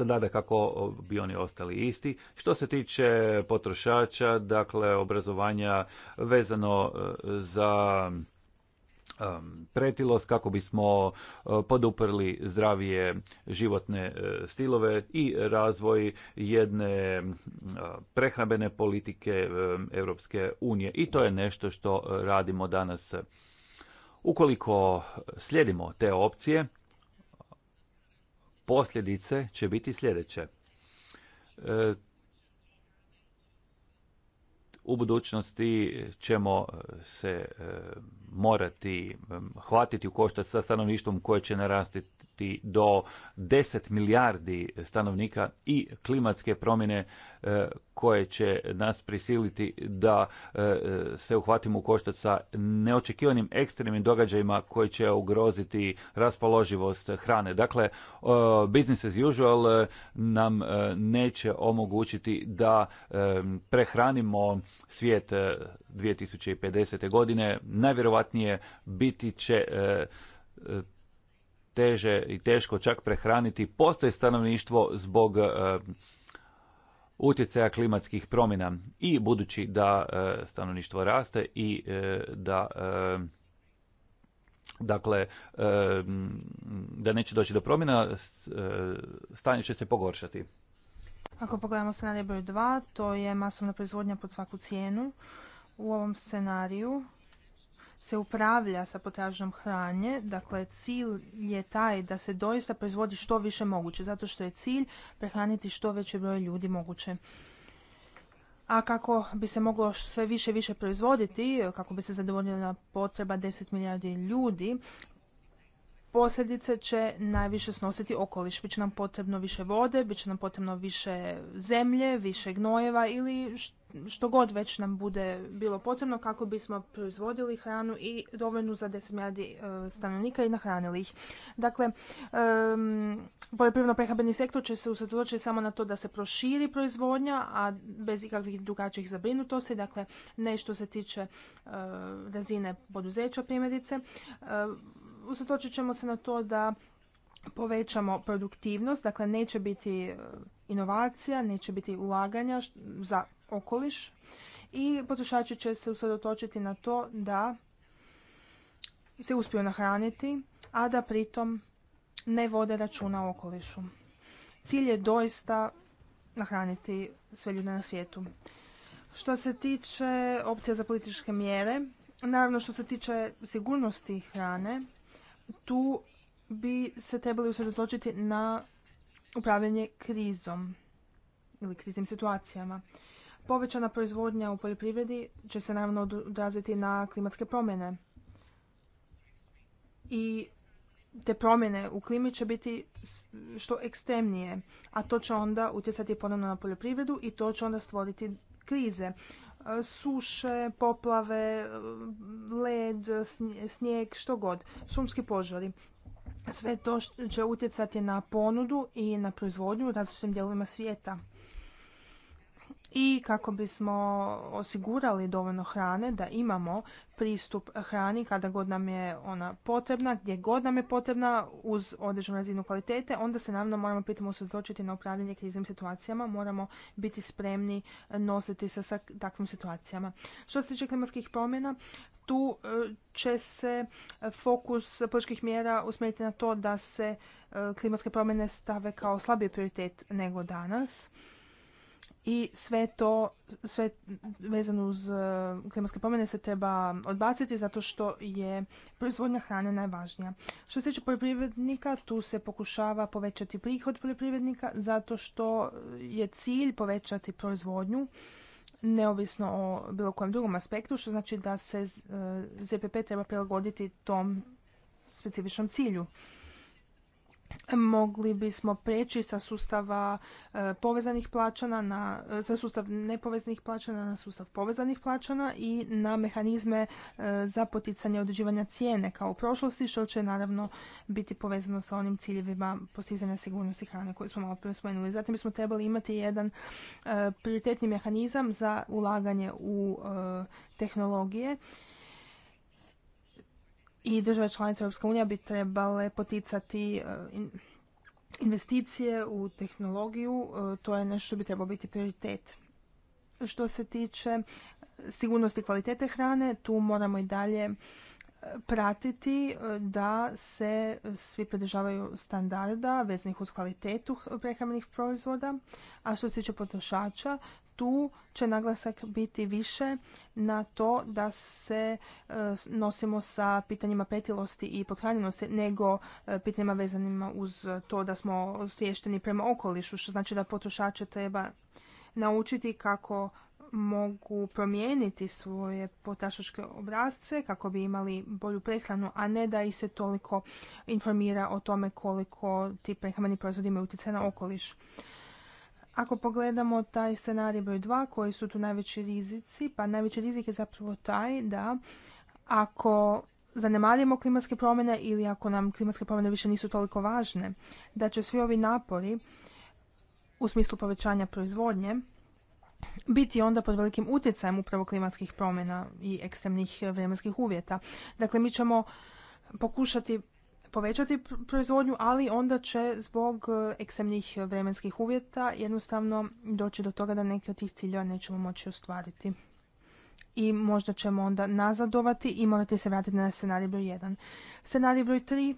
standarde kako bi oni ostali isti. Što se tiče potrošača, dakle obrazovanja vezano e, za e, pretilost kako bismo e, poduprli zdravije životne stilove i razvoj jedne prehrambene politike Europske unije i to je nešto što radimo danas. Ukoliko slijedimo te opcije, posljedice će biti sljedeće. E, u budućnosti ćemo e, se e, morati hvatiti u koštac sa stanovništvom koje će narasti do 10 milijardi stanovnika i klimatske promjene e, koje će nas prisiliti da e, se uhvatimo u koštac sa neočekivanim ekstremnim događajima koji će ugroziti raspoloživost hrane. Dakle, e, business as usual nam neće omogućiti da prehranimo svijet 2050. godine. Najvjerovatnije biti će teže i teško čak prehraniti, postoji stanovništvo zbog e, utjecaja klimatskih promjena i budući da e, stanovništvo raste i e, da dakle da neće doći do promjena stanje će se pogoršati. Ako pogledamo scenarij broj 2, to je masovna proizvodnja pod svaku cijenu. U ovom scenariju se upravlja sa potražnjom hranje, dakle cilj je taj da se doista proizvodi što više moguće, zato što je cilj prehraniti što veći broj ljudi moguće. A kako bi se moglo sve više i više proizvoditi, kako bi se zadovoljila potreba 10 milijardi ljudi, posljedice će najviše snositi okoliš. Biće nam potrebno više vode, biće nam potrebno više zemlje, više gnojeva ili što što god već nam bude bilo potrebno kako bismo proizvodili hranu i dovoljnu za 10 milijardi e, stanovnika i nahranili ih. Dakle, poljoprivredno prehrambeni sektor će se usredotočiti samo na to da se proširi proizvodnja, a bez ikakvih drugačijih zabrinutosti, dakle ne što se tiče e, razine poduzeća primjerice. E, usredotočit ćemo se na to da povećamo produktivnost, dakle neće biti inovacija, neće biti ulaganja za okoliš i potrošači će se usredotočiti na to da se uspiju nahraniti, a da pritom ne vode računa o okolišu. Cilj je doista nahraniti sve ljude na svijetu. Što se tiče opcija za političke mjere, naravno što se tiče sigurnosti hrane, tu bi se trebali usredotočiti na upravljanje krizom ili kriznim situacijama. Povećana proizvodnja u poljoprivredi će se naravno odraziti na klimatske promjene. I te promjene u klimi će biti što ekstremnije, a to će onda utjecati ponovno na poljoprivredu i to će onda stvoriti krize. E, suše, poplave, e, led, snijeg, što god, šumski požari. Sve to će utjecati na ponudu i na proizvodnju u različitim dijelovima svijeta i kako bismo osigurali dovoljno hrane da imamo pristup hrani kada god nam je ona potrebna, gdje god nam je potrebna uz određenu razinu kvalitete, onda se naravno moramo pitamo usredočiti na upravljanje kriznim situacijama, moramo biti spremni nositi se sa takvim situacijama. Što se tiče klimatskih promjena, tu e, će se e, fokus političkih mjera usmjeriti na to da se e, klimatske promjene stave kao slabiji prioritet nego danas i sve to, sve vezano uz e, klimatske promjene se treba odbaciti zato što je proizvodnja hrane najvažnija. Što se tiče poljoprivrednika, tu se pokušava povećati prihod poljoprivrednika zato što je cilj povećati proizvodnju neovisno o bilo kojem drugom aspektu, što znači da se e, ZPP treba prilagoditi tom specifičnom cilju mogli bismo preći sa sustava e, povezanih plaćana na, e, sa sustav nepovezanih plaćana na sustav povezanih plaćana i na mehanizme e, za poticanje određivanja cijene kao u prošlosti što će naravno biti povezano sa onim ciljevima postizanja sigurnosti hrane koje smo malo prije spomenuli. Zatim bismo trebali imati jedan prioritetni mehanizam za ulaganje u tehnologije i države članice Europske unije bi trebale poticati e, investicije u tehnologiju. E, to je nešto što bi trebalo biti prioritet. Što se tiče sigurnosti kvalitete hrane, tu moramo i dalje e, pratiti da se svi pridržavaju standarda vezanih uz kvalitetu prehrambenih proizvoda, a što se tiče potrošača, tu će naglasak biti više na to da se e, nosimo sa pitanjima pretilosti i pothranjenosti nego e, pitanjima vezanima uz to da smo osviješteni prema okolišu, što znači da potrošače treba naučiti kako mogu promijeniti svoje potrašačke obrazce kako bi imali bolju prehranu, a ne da ih se toliko informira o tome koliko ti prehrambeni proizvodi imaju utjecaj na okoliš. Ako pogledamo taj scenarij broj 2, koji su tu najveći rizici, pa najveći rizik je zapravo taj da ako zanemarimo klimatske promjene ili ako nam klimatske promjene više nisu toliko važne, da će svi ovi napori u smislu povećanja proizvodnje biti onda pod velikim utjecajem upravo klimatskih promjena i ekstremnih vremenskih uvjeta. Dakle, mi ćemo pokušati povećati proizvodnju, ali onda će zbog e, eksemnih vremenskih uvjeta jednostavno doći do toga da neki od tih ciljeva nećemo moći ostvariti. I možda ćemo onda nazadovati i morati se vratiti na scenarij broj 1. Scenarij broj 3,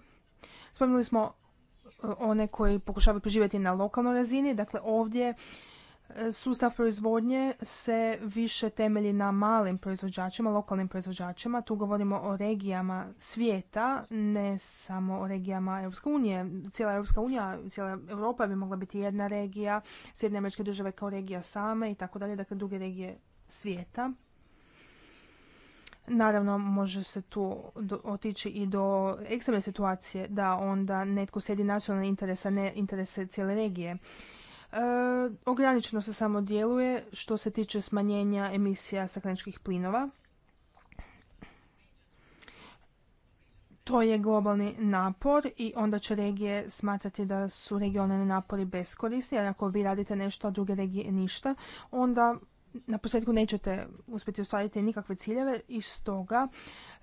spomenuli smo e, one koji pokušavaju preživjeti na lokalnoj razini, dakle ovdje Sustav proizvodnje se više temelji na malim proizvođačima, lokalnim proizvođačima. Tu govorimo o regijama svijeta, ne samo o regijama Europske unije. Cijela Europska unija, cijela Europa bi mogla biti jedna regija, Sjedinjene američke države kao regija same i tako dalje, dakle druge regije svijeta. Naravno, može se tu otići i do ekstremne situacije da onda netko sjedi nacionalne interese, ne interese cijele regije. E, ograničeno se samo djeluje što se tiče smanjenja emisija stakleničkih plinova. To je globalni napor i onda će regije smatrati da su regionalni napori beskorisni, jer ako vi radite nešto, a druge regije ništa, onda na posljedku nećete uspjeti ostvariti nikakve ciljeve i stoga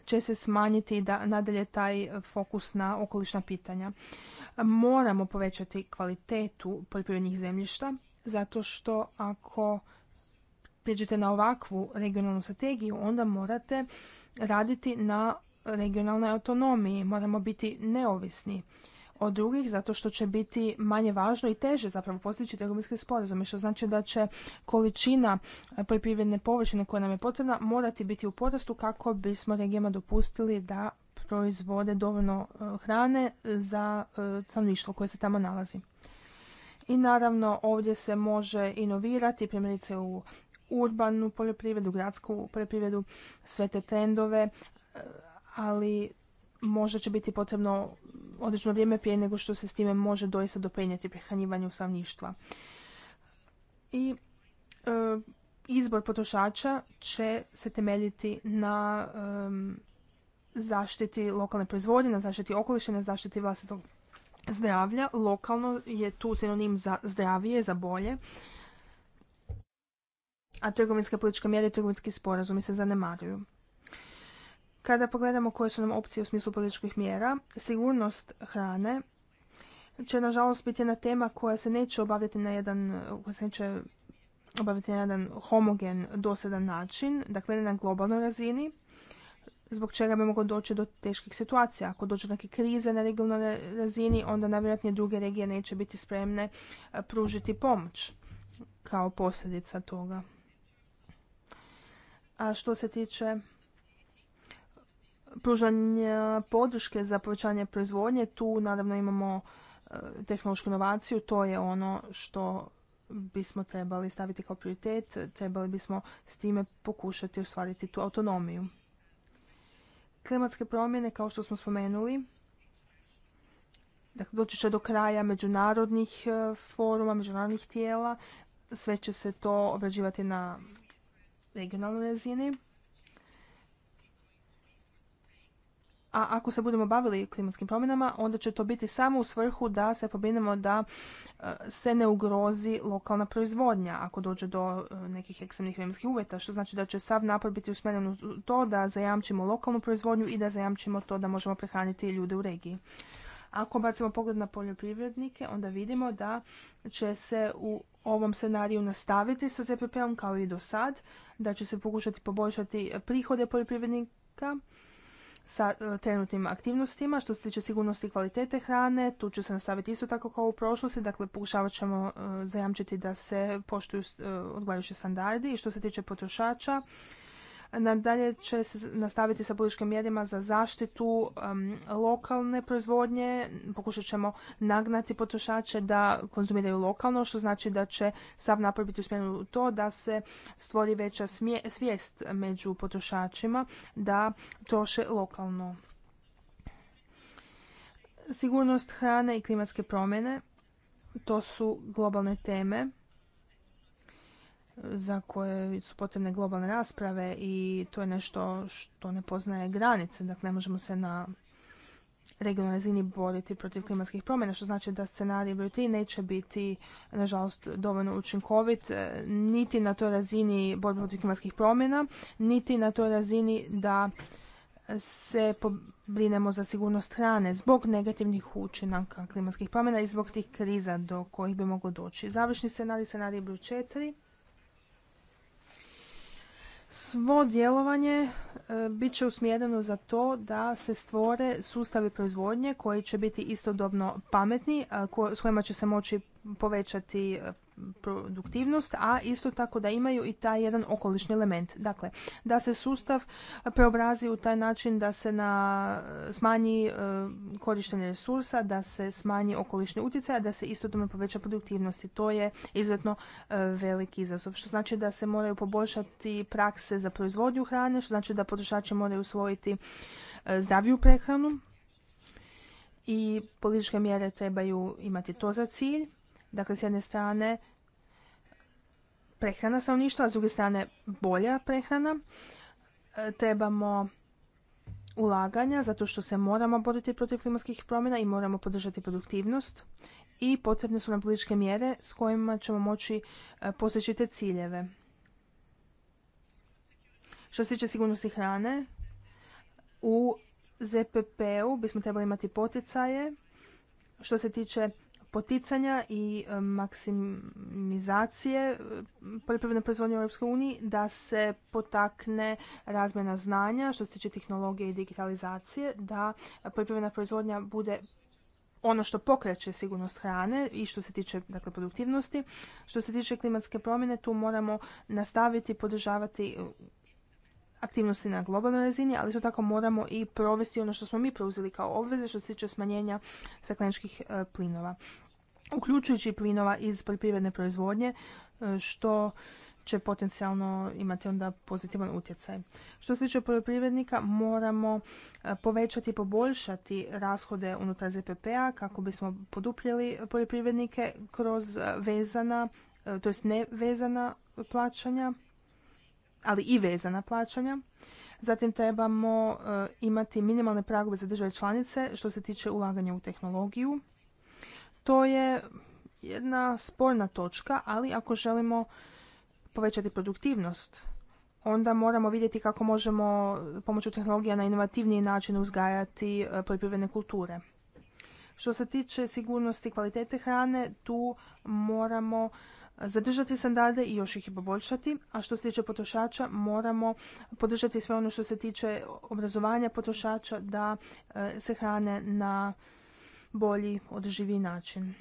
će se smanjiti da nadalje taj fokus na okolišna pitanja moramo povećati kvalitetu poljoprivrednih zemljišta zato što ako prijeđete na ovakvu regionalnu strategiju onda morate raditi na regionalnoj autonomiji, moramo biti neovisni od drugih zato što će biti manje važno i teže zapravo postići trgovinske sporazume, što znači da će količina poljoprivredne površine koja nam je potrebna morati biti u porastu kako bismo regijama dopustili da proizvode dovoljno e, hrane e, za e, stanovništvo koje se tamo nalazi. I naravno ovdje se može inovirati, primjerice u urbanu poljoprivredu, gradsku poljoprivredu, sve te trendove, ali možda će biti potrebno određeno vrijeme prije nego što se s time može doista doprinijeti prehranjivanju stanovništva. I izbor potrošača će se temeljiti na zaštiti lokalne proizvodnje, na zaštiti okoliša, na zaštiti vlastitog zdravlja. Lokalno je tu sinonim za zdravije, za bolje. A trgovinske politička mjere i trgovinski sporazumi se zanemaruju. Kada pogledamo koje su nam opcije u smislu političkih mjera, sigurnost hrane će nažalost biti jedna tema koja se neće obavljati na jedan, koja se neće obaviti na jedan homogen, dosadan način, dakle na globalnoj razini zbog čega bi moglo doći do teških situacija. Ako dođe neke krize na regionalnoj razini, onda najvjerojatnije druge regije neće biti spremne e, pružiti pomoć kao posljedica toga. A što se tiče pružanja podrške za povećanje proizvodnje, tu naravno imamo e, tehnološku inovaciju, to je ono što bismo trebali staviti kao prioritet, trebali bismo s time pokušati ostvariti tu autonomiju. Klimatske promjene, kao što smo spomenuli, dakle, doći će do kraja međunarodnih e, foruma, međunarodnih tijela, sve će se to obrađivati na regionalnoj razini. a ako se budemo bavili klimatskim promjenama, onda će to biti samo u svrhu da se pobinemo da e, se ne ugrozi lokalna proizvodnja ako dođe do e, nekih ekstremnih vremenskih uvjeta, što znači da će sav napor biti usmjeren u to da zajamčimo lokalnu proizvodnju i da zajamčimo to da možemo prehraniti ljude u regiji. Ako bacimo pogled na poljoprivrednike, onda vidimo da će se u ovom scenariju nastaviti sa ZPP-om kao i do sad, da će se pokušati poboljšati prihode poljoprivrednika, sa e, trenutnim aktivnostima. Što se tiče sigurnosti i kvalitete hrane, tu će se nastaviti isto tako kao u prošlosti, dakle pokušavat ćemo e, zajamčiti da se poštuju e, odgovarajući standardi. I što se tiče potrošača, Nadalje će se nastaviti sa političkim mjerima za zaštitu lokalne proizvodnje. Pokušat ćemo nagnati potrošače da konzumiraju lokalno, što znači da će sav napor biti usmjeren u to da se stvori veća svijest među potrošačima da troše lokalno. Sigurnost hrane i klimatske promjene to su globalne teme za koje su potrebne globalne rasprave i to je nešto što ne poznaje granice. Dakle, ne možemo se na regionalnoj razini boriti protiv klimatskih promjena, što znači da scenarij broj 3 neće biti, nažalost, dovoljno učinkovit, e, niti na toj razini borbe protiv klimatskih promjena, niti na toj razini da se pobrinemo za sigurnost hrane zbog negativnih učinaka klimatskih promjena i zbog tih kriza do kojih bi moglo doći. Završni scenarij, scenarij broj 4 Svo djelovanje e, bit će usmjereno za to da se stvore sustavi proizvodnje koji će biti istodobno pametni, s kojima će se moći povećati e, produktivnost, a isto tako da imaju i taj jedan okolišni element. Dakle, da se sustav preobrazi u taj način da se na e, smanji e, korištenje resursa, da se smanji okolišni utjecaj, a da se istodobno poveća produktivnost. I to je izuzetno veliki izazov. Što znači da se moraju poboljšati prakse za proizvodnju hrane, što znači da potrošači moraju usvojiti zdraviju prehranu i političke mjere trebaju imati to za cilj Dakle, s jedne strane prehrana stanovništva, a s druge strane bolja prehrana. E, trebamo ulaganja zato što se moramo boriti protiv klimatskih promjena i moramo podržati produktivnost i potrebne su nam političke mjere s kojima ćemo moći e, postići te ciljeve. Što se tiče sigurnosti hrane, u ZPP-u bismo trebali imati poticaje što se tiče poticanja i e, maksimizacije e, poljoprivredne proizvodnje u EU, da se potakne razmjena znanja što se tiče tehnologije i digitalizacije, da poljoprivredna proizvodnja bude ono što pokreće sigurnost hrane i što se tiče dakle, produktivnosti. Što se tiče klimatske promjene, tu moramo nastaviti podržavati aktivnosti na globalnoj razini, ali isto tako moramo i provesti ono što smo mi preuzeli kao obveze što se tiče smanjenja stakleničkih e, plinova. Uključujući plinova iz poljoprivredne proizvodnje, e, što će potencijalno imati onda pozitivan utjecaj. Što se tiče poljoprivrednika, moramo e, povećati i poboljšati rashode unutar ZPP-a kako bismo poduprijeli poljoprivrednike kroz vezana, to jest nevezana plaćanja ali i vezana plaćanja. Zatim trebamo eh, imati minimalne pragove za države članice što se tiče ulaganja u tehnologiju. To je jedna sporna točka, ali ako želimo povećati produktivnost, onda moramo vidjeti kako možemo pomoću tehnologija na inovativniji način uzgajati eh, poljoprivredne kulture. Što se tiče sigurnosti i kvalitete hrane, tu moramo zadržati standarde i još ih i poboljšati, a što se tiče potrošača moramo podržati sve ono što se tiče obrazovanja potrošača da e, se hrane na bolji, održiviji način.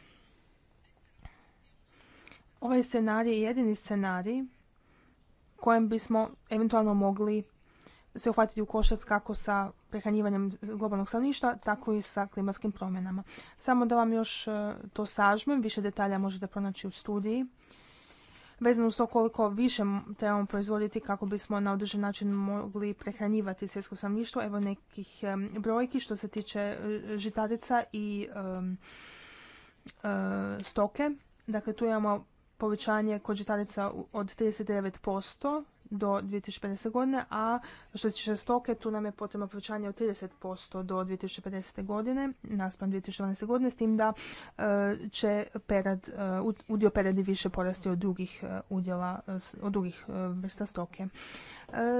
Ovaj scenarij je jedini scenarij kojem bismo eventualno mogli se uhvatiti u košac kako sa prehranjivanjem globalnog stanovništva, tako i sa klimatskim promjenama. Samo da vam još e, to sažmem, više detalja možete pronaći u studiji vezano uz to koliko više trebamo proizvoditi kako bismo na određeni način mogli prehranjivati svjetsko stanovništvo. Evo nekih brojki što se tiče e, žitarica i e, stoke. Dakle, tu imamo povećanje kod žitarica od 39% do 2050. godine, a što se tiče stoke, tu nam je potrebno povećanje od 30% do 2050. godine, naspram 2012. godine, s tim da e, će perad, e, udio peradi više porasti od drugih e, udjela, od drugih vrsta stoke.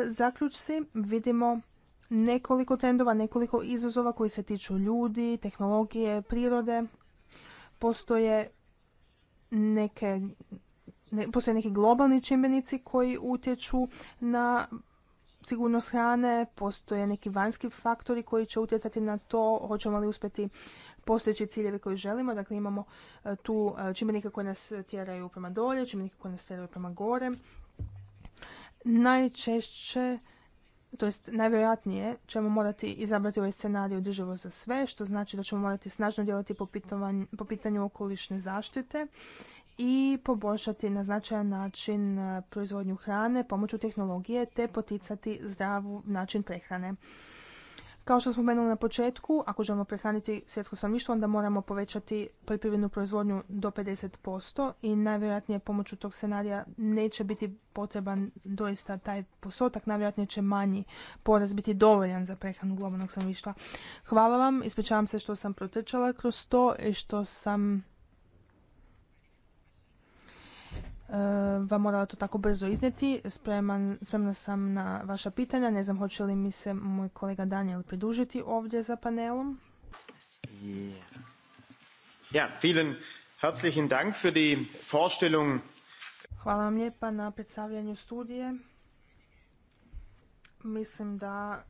Zaključci vidimo nekoliko trendova, nekoliko izazova koji se tiču ljudi, tehnologije, prirode. Postoje neke postoje neki globalni čimbenici koji utječu na sigurnost hrane, postoje neki vanjski faktori koji će utjecati na to hoćemo li uspjeti postojeći ciljeve koje želimo. Dakle, imamo e, tu e, čimbenike koji nas tjeraju prema dolje, čimbenike koji nas tjeraju prema gore. Najčešće to jest najvjerojatnije ćemo morati izabrati ovaj scenarij održivo za sve, što znači da ćemo morati snažno djelati po pitanju okolišne zaštite i poboljšati na značajan način e, proizvodnju hrane pomoću tehnologije te poticati zdravu način prehrane. Kao što smo spomenuli na početku, ako želimo prehraniti svjetsko stanovništvo, onda moramo povećati poljoprivrednu proizvodnju do 50% i najvjerojatnije pomoću tog scenarija neće biti potreban doista taj postotak, najvjerojatnije će manji poraz biti dovoljan za prehranu globalnog stanovništva. Hvala vam, ispričavam se što sam protrčala kroz to i što sam Ehm, vam morala to tako brzo iznijeti. Spreman, spremna sam na vaša pitanja. Ne znam hoće li mi se moj kolega Daniel pridružiti ovdje za panelom. Ja, vielen herzlichen Dank für die Vorstellung. Hvala vam lijepa na predstavljanju studije. Mislim da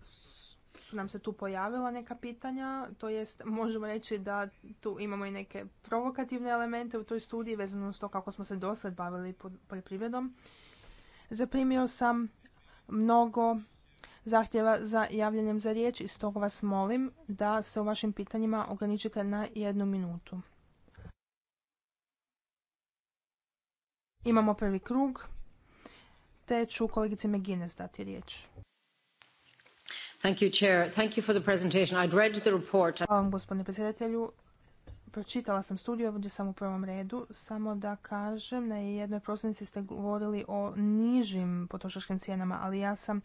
su nam se tu pojavila neka pitanja, to jest možemo reći da tu imamo i neke provokativne elemente u toj studiji vezano s to kako smo se dosad bavili poljoprivredom. Zaprimio sam mnogo zahtjeva za javljanjem za riječ i stoga vas molim da se u vašim pitanjima ograničite na jednu minutu. Imamo prvi krug, te ću kolegici Megines dati riječ gospodine predsjedatelju. Pročitala sam studiju ovdje sam u prvom redu, samo da kažem, na jednoj prosinci ste govorili o nižim potrošačkim cijenama, ali ja sam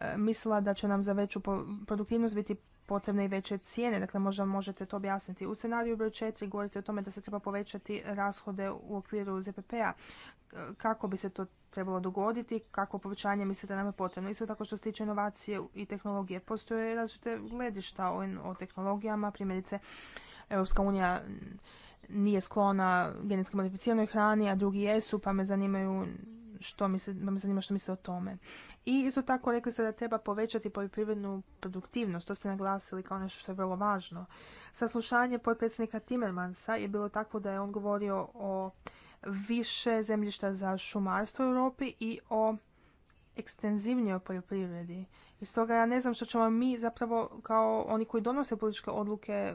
E, mislila da će nam za veću produktivnost biti potrebne i veće cijene. Dakle, možda možete to objasniti. U scenariju broj 4 govorite o tome da se treba povećati rashode u okviru ZPP-a. Kako bi se to trebalo dogoditi? Kako povećanje mislite da nam je potrebno? Isto tako što se tiče inovacije i tehnologije. Postoje različite gledišta o, o tehnologijama. Primjerice, Europska unija nije sklona genetski modificiranoj hrani, a drugi jesu, pa me zanimaju što se, me zanima što misle o tome. I isto tako rekli ste da treba povećati poljoprivrednu produktivnost, to ste naglasili kao nešto što je vrlo važno. Saslušanje potpredsjednika Timmermansa je bilo takvo da je on govorio o više zemljišta za šumarstvo u Europi i o ekstenzivnijoj poljoprivredi. I stoga ja ne znam što ćemo mi zapravo kao oni koji donose političke odluke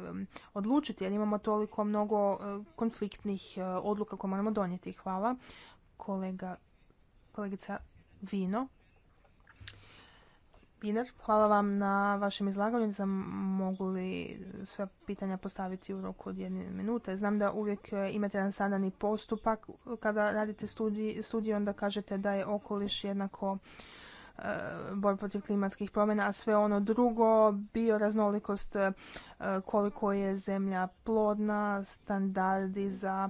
odlučiti jer imamo toliko mnogo eh, konfliktnih eh, odluka koje moramo donijeti. Hvala. Kolega kolegica Vino. biner hvala vam na vašem izlaganju. Sam mogu li sva pitanja postaviti u roku od jedne minute. Znam da uvijek e, imate jedan standardni postupak. Kada radite studiju, onda kažete da je okoliš jednako e, borba protiv klimatskih promjena, a sve ono drugo, bioraznolikost, e, koliko je zemlja plodna, standardi za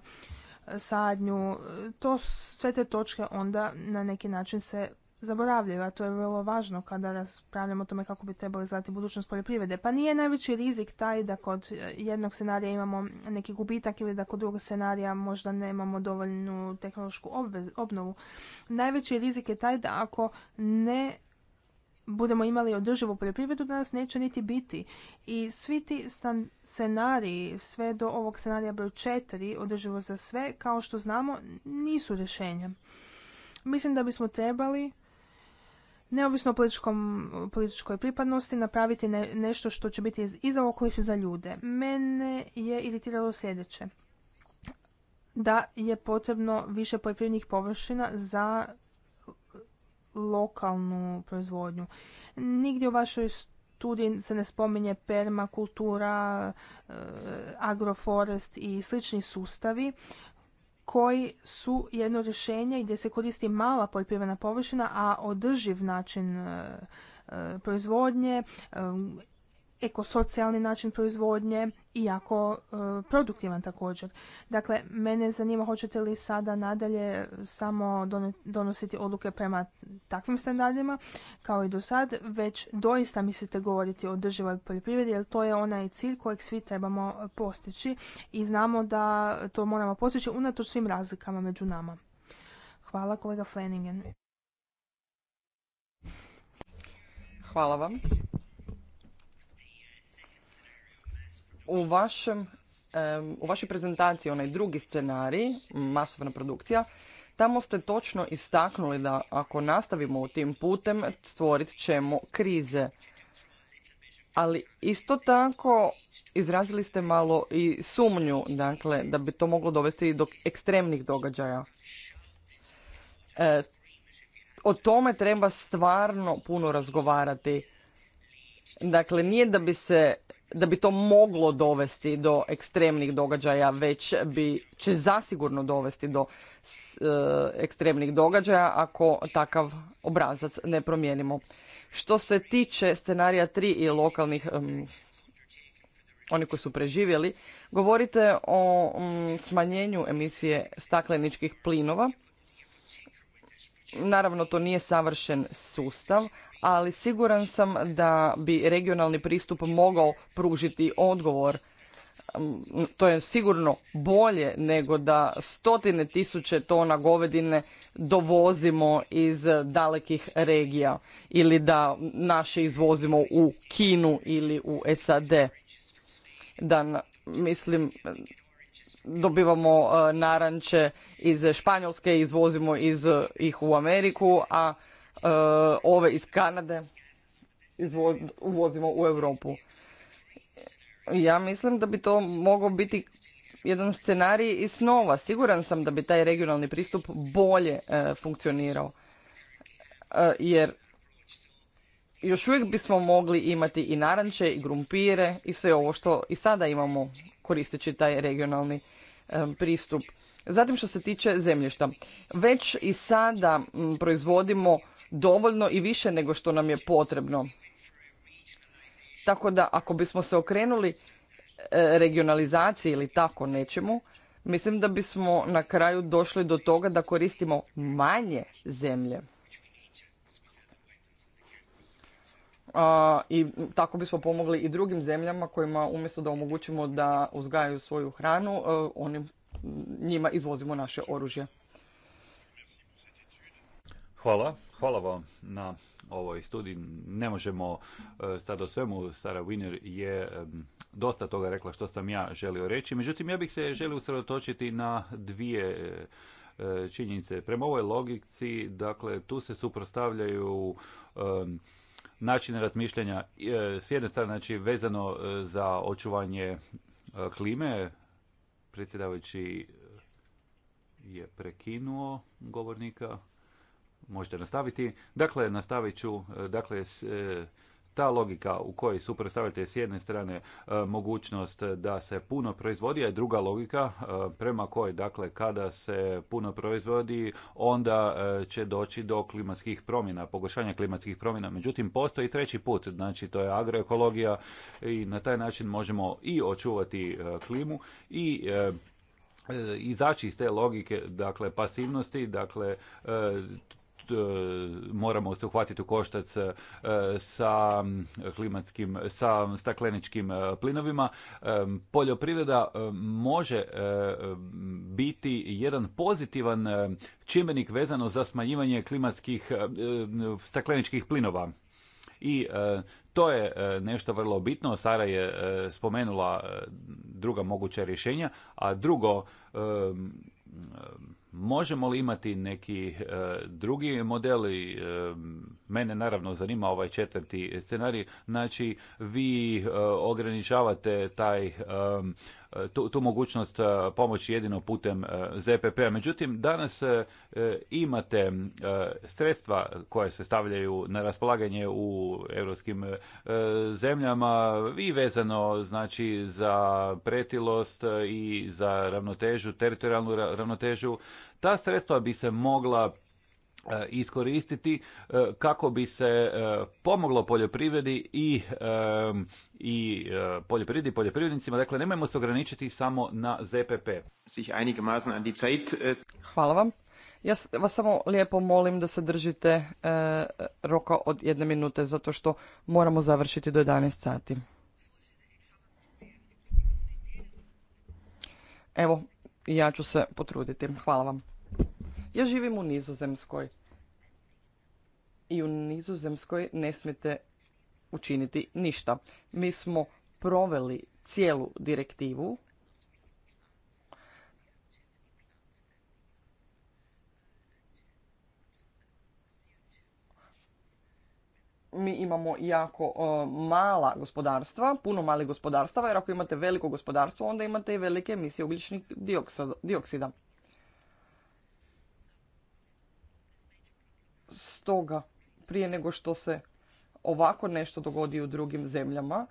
sadnju, to sve te točke onda na neki način se zaboravljaju, a to je vrlo važno kada raspravljamo o tome kako bi trebali izgledati budućnost poljoprivrede. Pa nije najveći rizik taj da kod jednog scenarija imamo neki gubitak ili da kod drugog scenarija možda nemamo dovoljnu tehnološku obnovu. Najveći rizik je taj da ako ne budemo imali održivu poljoprivredu danas neće niti biti. I svi ti scenariji, sve do ovog scenarija broj četiri, održivo za sve, kao što znamo, nisu rješenja. Mislim da bismo trebali neovisno o političkom, političkoj pripadnosti, napraviti nešto što će biti i za okoliš i za ljude. Mene je iritiralo sljedeće. Da je potrebno više poljoprivrednih površina za lokalnu proizvodnju. Nigdje u vašoj studiji se ne spominje permakultura, eh, agroforest i slični sustavi koji su jedno rješenje gdje se koristi mala poljoprivredna površina, a održiv način eh, eh, proizvodnje, ekosocijalni način proizvodnje i jako e, produktivan također. Dakle, mene zanima hoćete li sada nadalje samo donositi odluke prema takvim standardima kao i do sad, već doista mislite govoriti o održivoj poljoprivredi jer to je onaj cilj kojeg svi trebamo postići i znamo da to moramo postići unatoč svim razlikama među nama. Hvala kolega Fleningen. Hvala vam. u vašem u vašoj prezentaciji onaj drugi scenarij, masovna produkcija, tamo ste točno istaknuli da ako nastavimo u tim putem stvorit ćemo krize. Ali isto tako izrazili ste malo i sumnju, dakle, da bi to moglo dovesti do ekstremnih događaja. E, o tome treba stvarno puno razgovarati. Dakle, nije da bi se da bi to moglo dovesti do ekstremnih događaja, već bi, će zasigurno dovesti do e, ekstremnih događaja ako takav obrazac ne promijenimo. Što se tiče scenarija tri i lokalnih, oni koji su preživjeli, govorite o smanjenju emisije stakleničkih plinova. Naravno, to nije savršen sustav, ali siguran sam da bi regionalni pristup mogao pružiti odgovor. Mm, to je sigurno bolje nego da stotine tisuće tona govedine dovozimo iz dalekih regija ili da naše izvozimo u Kinu ili u SAD. Da, mislim, dobivamo e, naranče iz Španjolske, izvozimo iz, eh, ih u Ameriku, a Eh, ove iz Kanade uvozimo u Europu. Ja mislim da bi to mogao biti jedan scenarij i snova. Siguran sam da bi taj regionalni pristup bolje eh, funkcionirao. Eh, jer još uvijek bismo mogli imati i naranče i grumpire i sve ovo što i sada imamo koristeći taj regionalni pristup. Zatim što se tiče zemljišta. Već i sada mm, proizvodimo dovoljno i više nego što nam je potrebno. Tako da ako bismo se okrenuli e, regionalizaciji ili tako nečemu, mislim da bismo na kraju došli do toga da koristimo manje zemlje. I tako bismo pomogli i drugim zemljama kojima umjesto da omogućimo da uzgajaju svoju hranu, e, onim njima izvozimo naše oružje. Hvala. Hvala vam na ovoj studiji. Ne možemo e, sad o svemu, Sara Wiener je dosta toga rekla što sam ja želio reći. Međutim, ja bih se želio usredotočiti na dvije e, činjenice. Prema ovoj logici, dakle, tu se suprostavljaju načine razmišljanja e, s jedne strane znači vezano za očuvanje klime predsjedavajući je prekinuo govornika Možete nastaviti. Dakle, nastavit ću. E, dakle, e, ta logika u kojoj suprotstavljate s jedne strane e, mogućnost da se puno proizvodi, a druga logika prema kojoj dakle kada se puno proizvodi onda će doći do klimatskih promjena, pogoršanja klimatskih promjena. Međutim, postoji treći put, znači to je agroekologija i na taj način možemo i očuvati klimu i izaći iz te logike dakle pasivnosti dakle E, moramo se uhvatiti u koštac e, sa klimatskim, sa stakleničkim e, plinovima. Poljoprivreda može biti jedan pozitivan čimbenik vezano za smanjivanje klimatskih stakleničkih plinova. I to je nešto vrlo bitno. Sara je spomenula druga moguća rješenja, a drugo Možemo li imati neki e, drugi modeli e, Mene naravno zanima ovaj četvrti scenarij. Znači, vi e, ograničavate taj e, tu, tu mogućnost e, pomoći jedino putem ZPP-a. Međutim, danas imate sredstva koje se stavljaju na raspolaganje u europskim zemljama i vezano znači za pretilost i za ravnotežu, teritorijalnu ravnotežu. Ta sredstva bi se mogla E, iskoristiti e, kako bi se e, pomoglo poljoprivredi i, i poljoprivredi poljoprivrednicima. Dakle, nemojmo se ograničiti samo na ZPP. Hvala vam. Ja vas samo lijepo molim da se držite roka od jedne minute, zato što moramo završiti do 11 sati. Evo, ja ću se potruditi. Hvala vam. Ja živim u Nizozemskoj i u Nizozemskoj ne smijete učiniti ništa. Mi smo proveli cijelu direktivu mi imamo jako e, mala gospodarstva, puno malih gospodarstava, jer ako imate veliko gospodarstvo, onda imate i velike emisije ugljičnih dioksida. Stoga, prije nego što se ovako nešto dogodi u drugim zemljama.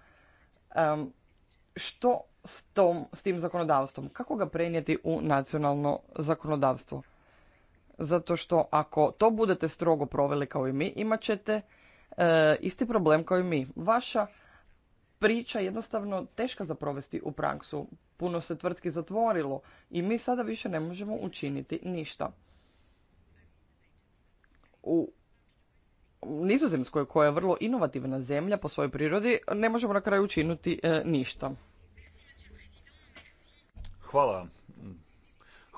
što s, tom, s tim zakonodavstvom? Kako ga prenijeti u nacionalno zakonodavstvo? Zato što ako to budete strogo proveli kao i mi, imat ćete e, isti problem kao i mi. Vaša priča je jednostavno teška za provesti u praksu. Puno se tvrtki zatvorilo i mi sada više ne možemo učiniti ništa. U Nizozemskoj koja je vrlo inovativna zemlja po svojoj prirodi ne možemo na kraju učiniti e, ništa. Hvala vam.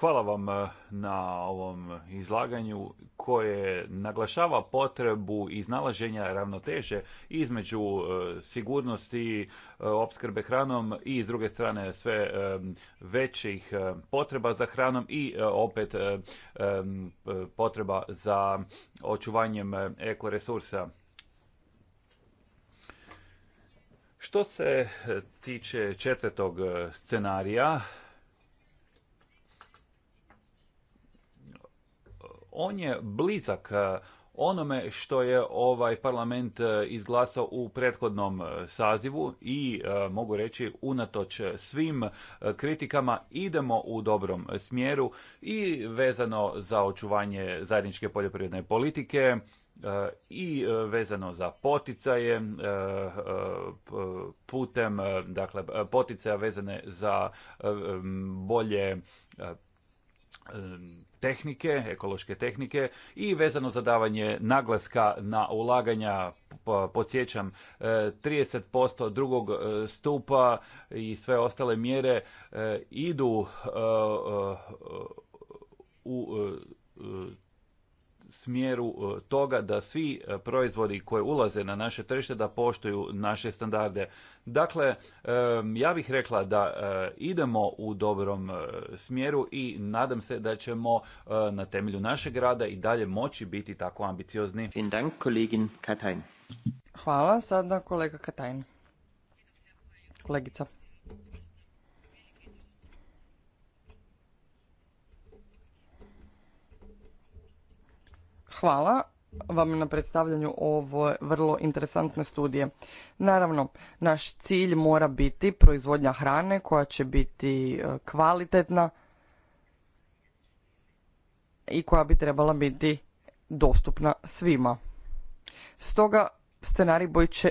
Hvala vam eh, na ovom izlaganju koje naglašava potrebu iznalaženja ravnoteže između eh, sigurnosti eh, opskrbe hranom i s druge strane sve većih potreba za hranom i opet potreba za očuvanjem ekoresursa. Što se tiče četvrtog scenarija, on je blizak e, onome što je ovaj parlament e, izglasao u prethodnom e, sazivu i mogu reći unatoč svim kritikama idemo u dobrom smjeru i vezano za očuvanje zajedničke poljoprivredne politike i vezano za poticaje putem dakle poticaja vezane za bolje tehnike, ekološke tehnike i vezano za davanje naglaska na ulaganja, podsjećam, 30% e, drugog e, stupa i sve ostale mjere e, idu u smjeru e, toga da svi e, proizvodi koji ulaze na naše tržište da poštuju naše standarde. Dakle, e, ja bih rekla da idemo u dobrom smjeru i nadam se da ćemo na temelju našeg rada i dalje moći biti tako ambiciozni. Hvala, sada kolega Katajn. Kolegica. Hvala vam na predstavljanju ove vrlo interesantne studije. Naravno, naš cilj mora biti proizvodnja hrane koja će biti e, kvalitetna i koja bi trebala biti dostupna svima. Stoga scenarij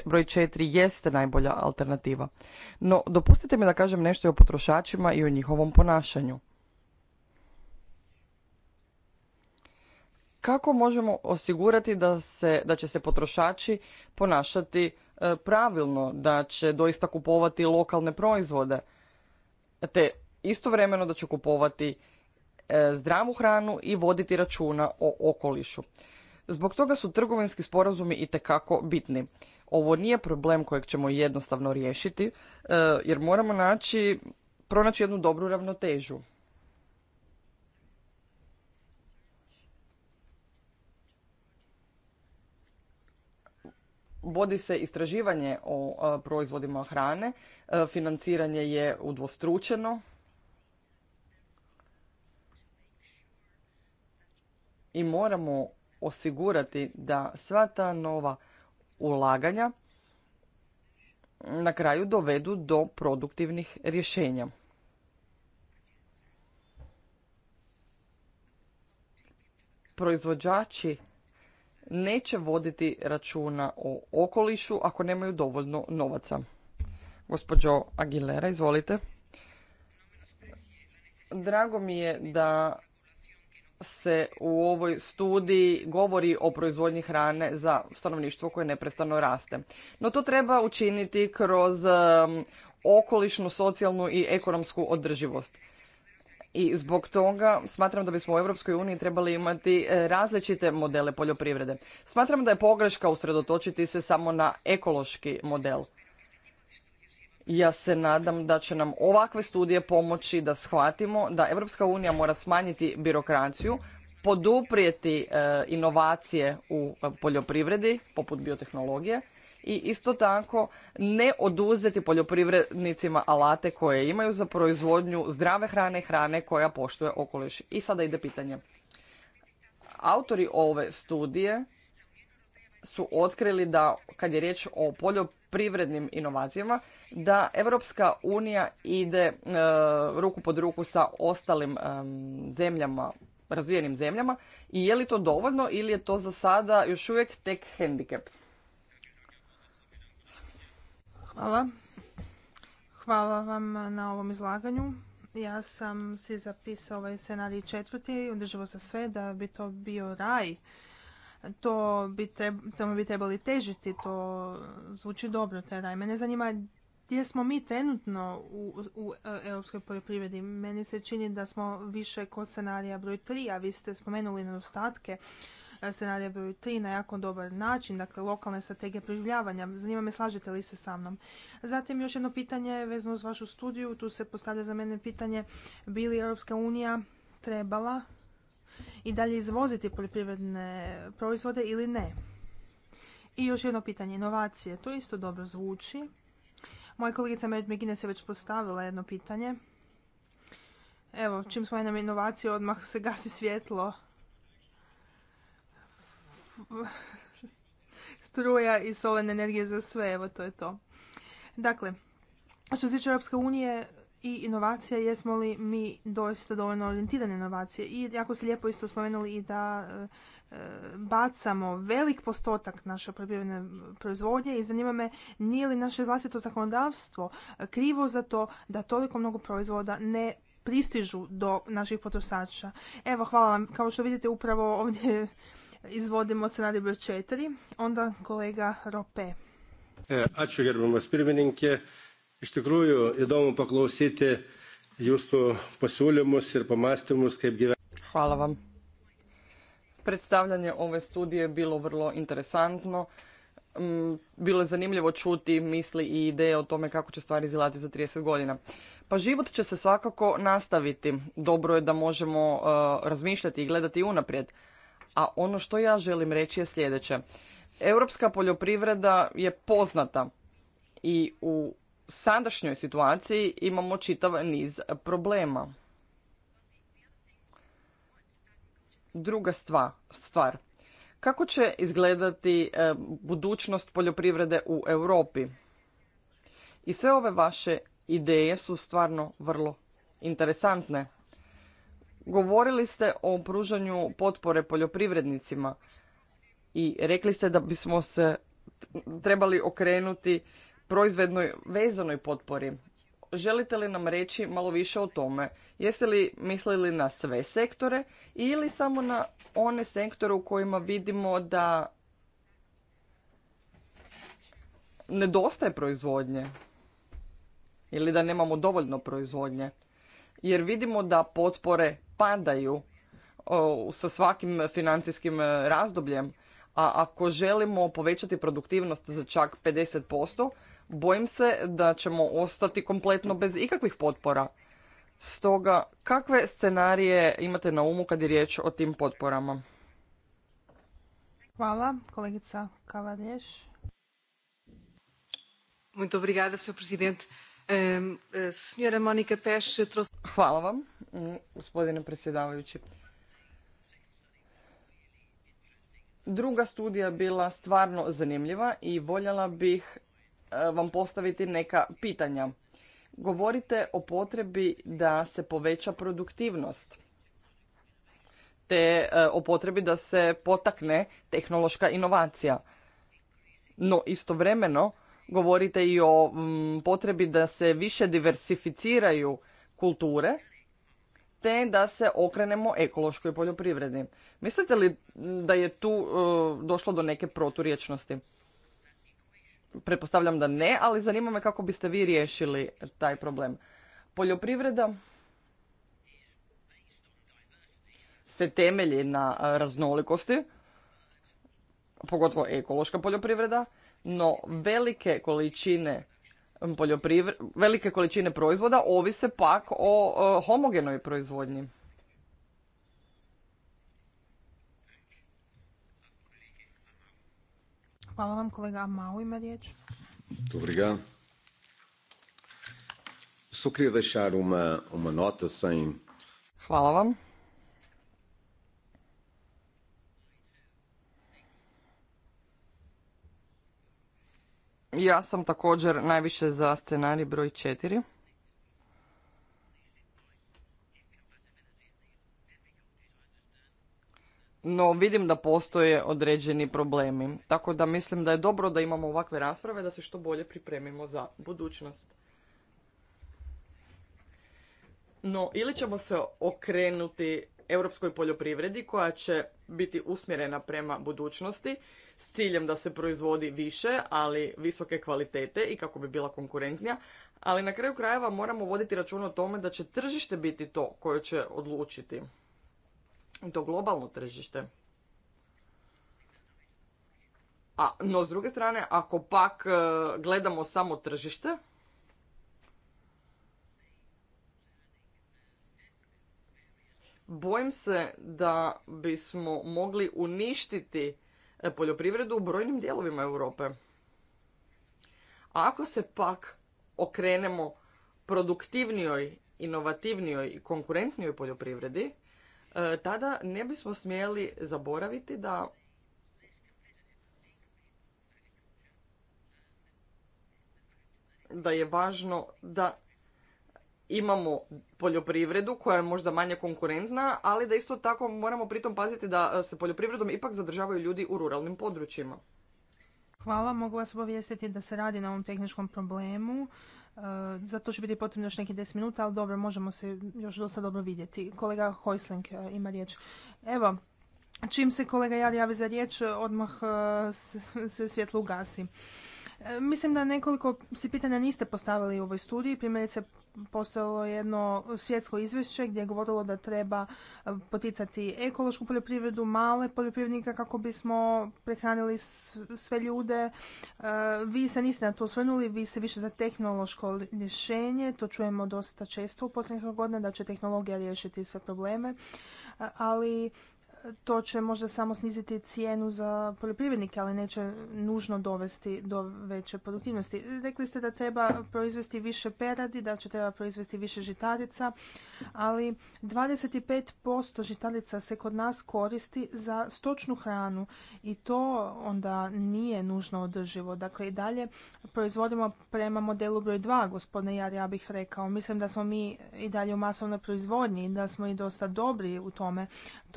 broj 4 jeste najbolja alternativa. No, dopustite mi da kažem nešto i o potrošačima i o njihovom ponašanju. kako možemo osigurati da, se, da će se potrošači ponašati e, pravilno, da će doista kupovati lokalne proizvode, te istovremeno da će kupovati e, zdravu hranu i voditi računa o okolišu. Zbog toga su trgovinski sporazumi i tekako bitni. Ovo nije problem kojeg ćemo jednostavno riješiti, e, jer moramo naći, pronaći jednu dobru ravnotežu. vodi se istraživanje o proizvodima hrane, financiranje je udvostručeno i moramo osigurati da sva ta nova ulaganja na kraju dovedu do produktivnih rješenja. Proizvođači neće voditi računa o okolišu ako nemaju dovoljno novaca. Gospođo Aguilera, izvolite. Drago mi je da se u ovoj studiji govori o proizvodnji hrane za stanovništvo koje neprestano raste. No to treba učiniti kroz um, okolišnu, socijalnu i ekonomsku održivost i zbog toga smatram da bismo u Europskoj uniji trebali imati e, različite modele poljoprivrede. Smatram da je pogreška usredotočiti se samo na ekološki model. Ja se nadam da će nam ovakve studije pomoći da shvatimo da Europska unija mora smanjiti birokraciju, poduprijeti e, inovacije u e, poljoprivredi poput biotehnologije i isto tako ne oduzeti poljoprivrednicima alate koje imaju za proizvodnju zdrave hrane i hrane koja poštuje okoliš. I sada ide pitanje. Autori ove studije su otkrili da kad je riječ o poljoprivrednim inovacijama da Europska unija ide e, ruku pod ruku sa ostalim e, zemljama, razvijenim zemljama i je li to dovoljno ili je to za sada još uvijek tek hendikep? Hvala. Hvala vam na ovom izlaganju. Ja sam si zapisao ovaj scenarij četvrti, održivo za sve, da bi to bio raj. To bi tamo bi trebali težiti, to zvuči dobro, taj raj. Mene zanima gdje smo mi trenutno u, u e, europskoj poljoprivredi. Meni se čini da smo više kod scenarija broj tri, a vi ste spomenuli nedostatke se broj 3 na jako dobar način, dakle lokalne strategije preživljavanja. Zanima me slažete li se sa mnom. Zatim još jedno pitanje vezano uz vašu studiju, tu se postavlja za mene pitanje bi li Europska unija trebala i dalje izvoziti poljoprivredne proizvode ili ne. I još jedno pitanje, inovacije. To isto dobro zvuči. Moja kolegica Merit McGuinness je već postavila jedno pitanje. Evo, čim smo nam inovacije, odmah se gasi svjetlo (laughs) struja i solarne energije za sve, evo to je to. Dakle, što se tiče Europske unije i inovacija, jesmo li mi doista dovoljno orijentirane inovacije? I jako se lijepo isto spomenuli i da e, bacamo velik postotak naše poljoprivredne proizvodnje i zanima me nije li naše vlastito zakonodavstvo krivo za to da toliko mnogo proizvoda ne pristižu do naših potrošača. Evo, hvala vam. Kao što vidite, upravo ovdje izvodimo se na broj četiri. onda kolega Rope. E, ačiū gerbiamas pirmininkė. Iš tikrųjų, įdomu paklausyti jūsų pasiūlymus ir pamastymus, kaip gyventi. Hvala vam. Predstavljanje ove studije je bilo vrlo interesantno. Mm, bilo je zanimljivo čuti misli i ideje o tome kako će stvari izgledati za 30 godina. Pa život će se svakako nastaviti. Dobro je da možemo e, razmišljati i gledati unaprijed. A ono što ja želim reći je sljedeće. Europska poljoprivreda je poznata i u sadašnjoj situaciji imamo čitav niz problema. Druga stvar, stvar. Kako će izgledati e, budućnost poljoprivrede u Europi? I sve ove vaše ideje su stvarno vrlo interesantne. Govorili ste o pružanju potpore poljoprivrednicima i rekli ste da bismo se trebali okrenuti proizvednoj vezanoj potpori. Želite li nam reći malo više o tome? Jeste li mislili na sve sektore ili samo na one sektore u kojima vidimo da nedostaje proizvodnje ili da nemamo dovoljno proizvodnje? jer vidimo da potpore padaju sa svakim financijskim e, razdobljem, a ako želimo povećati produktivnost za čak 50%, bojim se da ćemo ostati kompletno bez ikakvih potpora. Stoga, kakve scenarije imate na umu kad je riječ o tim potporama? Hvala, kolegica E, Hvala vam, mm, gospodine predsjedavajući. Druga studija bila stvarno zanimljiva i voljela bih e, vam postaviti neka pitanja. Govorite o potrebi da se poveća produktivnost te e, o potrebi da se potakne tehnološka inovacija. No istovremeno Govorite i o mm, potrebi da se više diversificiraju kulture, te da se okrenemo ekološkoj poljoprivredi. Mislite li mm, da je tu e, došlo do neke proturječnosti? Pretpostavljam da ne, ali zanima me kako biste vi riješili taj problem. Poljoprivreda se temelji na e, raznolikosti, pogotovo ekološka poljoprivreda, no velike količine poljopri... velike količine proizvoda ovise pak o homogenoj proizvodnji. Hvala vam kolega Amau ima riječ. Obrigado. Só queria deixar uma, uma nota sem... Hvala vam. Ja sam također najviše za scenarij broj 4. No vidim da postoje određeni problemi. Tako da mislim da je dobro da imamo ovakve rasprave da se što bolje pripremimo za budućnost. No ili ćemo se okrenuti europskoj poljoprivredi koja će biti usmjerena prema budućnosti s ciljem da se proizvodi više, ali visoke kvalitete i kako bi bila konkurentnija, ali na kraju krajeva moramo voditi račun o tome da će tržište biti to koje će odlučiti. To globalno tržište. A, no, s druge strane, ako pak e, gledamo samo tržište, bojim se da bismo mogli uništiti E, poljoprivredu u brojnim dijelovima Europe. ako se pak okrenemo produktivnijoj, inovativnijoj i konkurentnijoj poljoprivredi, e, tada ne bismo smjeli zaboraviti da da je važno da imamo poljoprivredu koja je možda manje konkurentna, ali da isto tako moramo pritom paziti da e, se poljoprivredom ipak zadržavaju ljudi u ruralnim područjima. Hvala, mogu vas obavijestiti da se radi na ovom tehničkom problemu. E, za to će biti potrebno još neki 10 minuta, ali dobro, možemo se još dosta dobro vidjeti. Kolega Hojsling e, ima riječ. Evo, čim se kolega Jar javi za riječ, odmah se svjetlo ugasi. E, mislim da nekoliko si pitanja niste postavili u ovoj studiji. Primjerice, postojalo jedno svjetsko izvješće gdje je govorilo da treba e, poticati ekološku poljoprivredu, male poljoprivrednika kako bismo prehranili sve ljude. E, vi se niste na to osvrnuli, vi ste više za tehnološko rješenje, to čujemo dosta često u posljednjih godina da će tehnologija riješiti sve probleme, ali to će možda samo sniziti cijenu za poljoprivrednike, ali neće nužno dovesti do veće produktivnosti. Rekli ste da treba proizvesti više peradi, da će treba proizvesti više žitarica, ali 25% žitarica se kod nas koristi za stočnu hranu i to onda nije nužno održivo. Dakle, i dalje proizvodimo prema modelu broj 2, gospodine Jar, ja bih rekao. Mislim da smo mi i dalje u masovnoj proizvodnji i da smo i dosta dobri u tome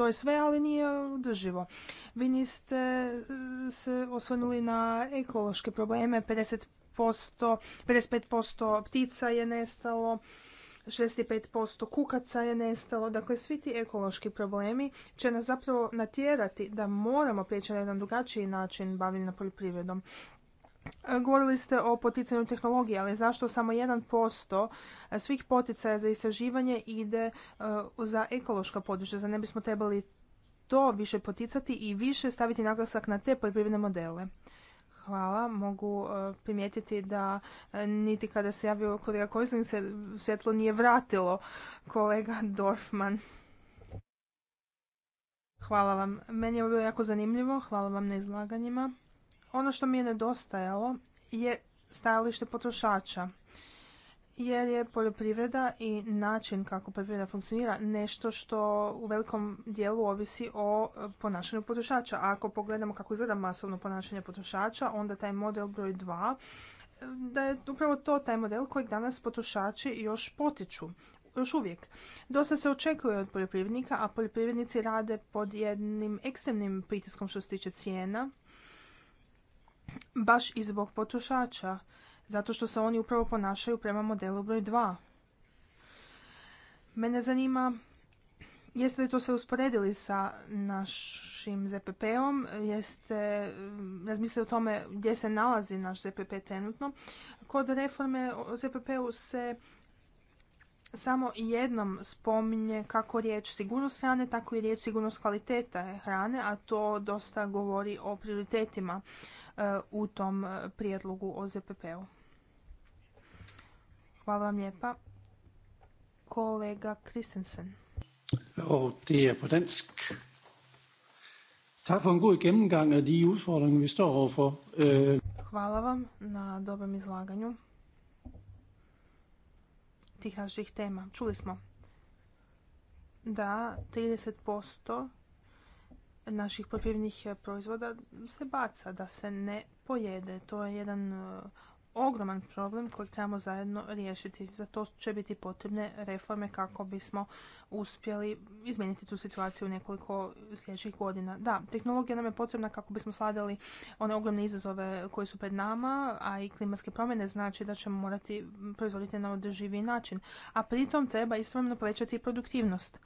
to je sve, ali nije održivo. Vi niste e, se osvrnuli na ekološke probleme, 50%, 55% ptica je nestalo, 65% kukaca je nestalo. Dakle, svi ti ekološki problemi će nas zapravo natjerati da moramo prijeći na jedan drugačiji način bavljenja poljoprivredom. E, govorili ste o poticanju tehnologije, ali zašto samo 1% e, svih poticaja za istraživanje ide e, za ekološka područja? Za ne bismo trebali to više poticati i više staviti naglasak na te poljoprivredne modele? Hvala. Mogu primijetiti da niti kada se javio kolega Kojzlin, se svjetlo nije vratilo kolega Dorfman. Hvala vam. Meni je ovo bilo jako zanimljivo. Hvala vam na izlaganjima. Ono što mi je nedostajalo je stajalište potrošača jer je poljoprivreda i način kako poljoprivreda funkcionira nešto što u velikom dijelu ovisi o ponašanju potrošača. A ako pogledamo kako izgleda masovno ponašanje potrošača, onda taj model broj 2 da je upravo to taj model kojeg danas potrošači još potiču. Još uvijek. Dosta se očekuje od poljoprivrednika, a poljoprivrednici rade pod jednim ekstremnim pritiskom što se tiče cijena baš i zbog potrošača, zato što se oni upravo ponašaju prema modelu broj 2. Mene zanima Jeste li to sve usporedili sa našim ZPP-om? Jeste mm, razmislili o tome gdje se nalazi naš ZPP trenutno? Kod reforme o ZPP-u se samo jednom spominje kako riječ sigurnost hrane, tako i riječ sigurnost kvaliteta hrane, a to dosta govori o prioritetima Eh, u tom eh, prijedlogu o ZPP-u. Hvala vam lijepa. Kolega Kristensen. Og det er på dansk. Tak for en god gennemgang af de udfordringer, vi står overfor. Øh. Hvala vam na dobrom izlaganju tih naših tema. Čuli smo da 30% naših poljoprivrednih e, proizvoda se baca, da se ne pojede. To je jedan e, ogroman problem koji trebamo zajedno riješiti. Za to će biti potrebne reforme kako bismo uspjeli izmijeniti tu situaciju u nekoliko sljedećih godina. Da, tehnologija nam je potrebna kako bismo sladili one ogromne izazove koji su pred nama, a i klimatske promjene znači da ćemo morati proizvoditi na održivi način. A pritom treba istovremeno povećati produktivnost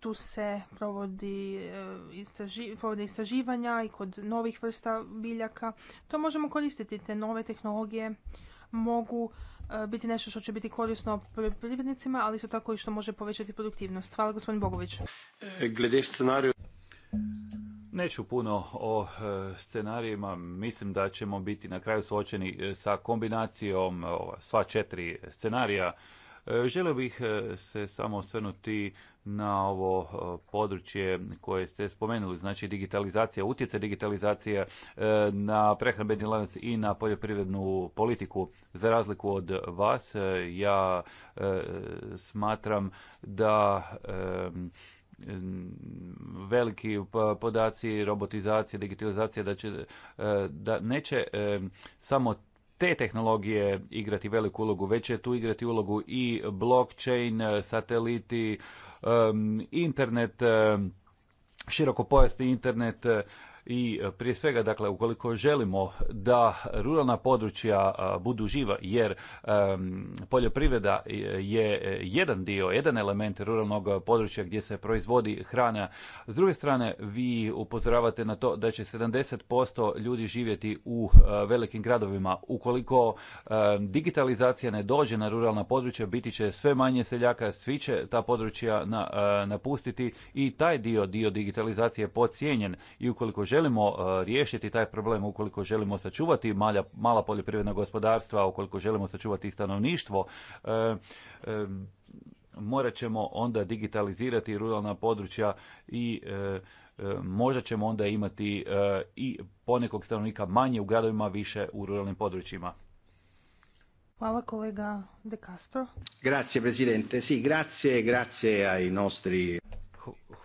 tu se provodi e, istraži, provode istraživanja i kod novih vrsta biljaka. To možemo koristiti, te nove tehnologije mogu e, biti nešto što će biti korisno poljoprivrednicima, ali isto tako i što može povećati produktivnost. Hvala gospodin Bogović. E, glede scenariju... Neću puno o scenarijima, mislim da ćemo biti na kraju suočeni sa kombinacijom sva četiri scenarija E, želio bih e, se samo osvrnuti na ovo e, područje koje ste spomenuli, znači digitalizacija, utjecaj digitalizacije na prehrambeni lanac i na poljoprivrednu politiku. Za razliku od vas, ja smatram da veliki podaci, robotizacija, digitalizacija, da, će, da neće samo te tehnologije igrati veliku ulogu, već će tu igrati ulogu i blockchain, sateliti, internet, širokopojasni internet, i e, prije svega dakle ukoliko želimo da ruralna područja e, budu živa jer e, poljoprivreda je jedan dio, jedan element ruralnog područja gdje se proizvodi hrana. S druge strane vi upozoravate na to da će 70% ljudi živjeti u velikim gradovima. Ukoliko digitalizacija ne dođe na ruralna područja biti će sve manje seljaka, svi će ta područja napustiti i taj dio dio digitalizacije je podcijenjen i ukoliko želimo e, riješiti taj problem, ukoliko želimo sačuvati mala poljoprivredna gospodarstva, ukoliko želimo sačuvati stanovništvo, e, e, morat ćemo onda digitalizirati ruralna područja i možda ćemo onda imati i ponekog stanovnika manje u gradovima, više u ruralnim područjima. Hvala kolega De Castro. Grazie Presidente, sì, grazie, grazie ai nostri...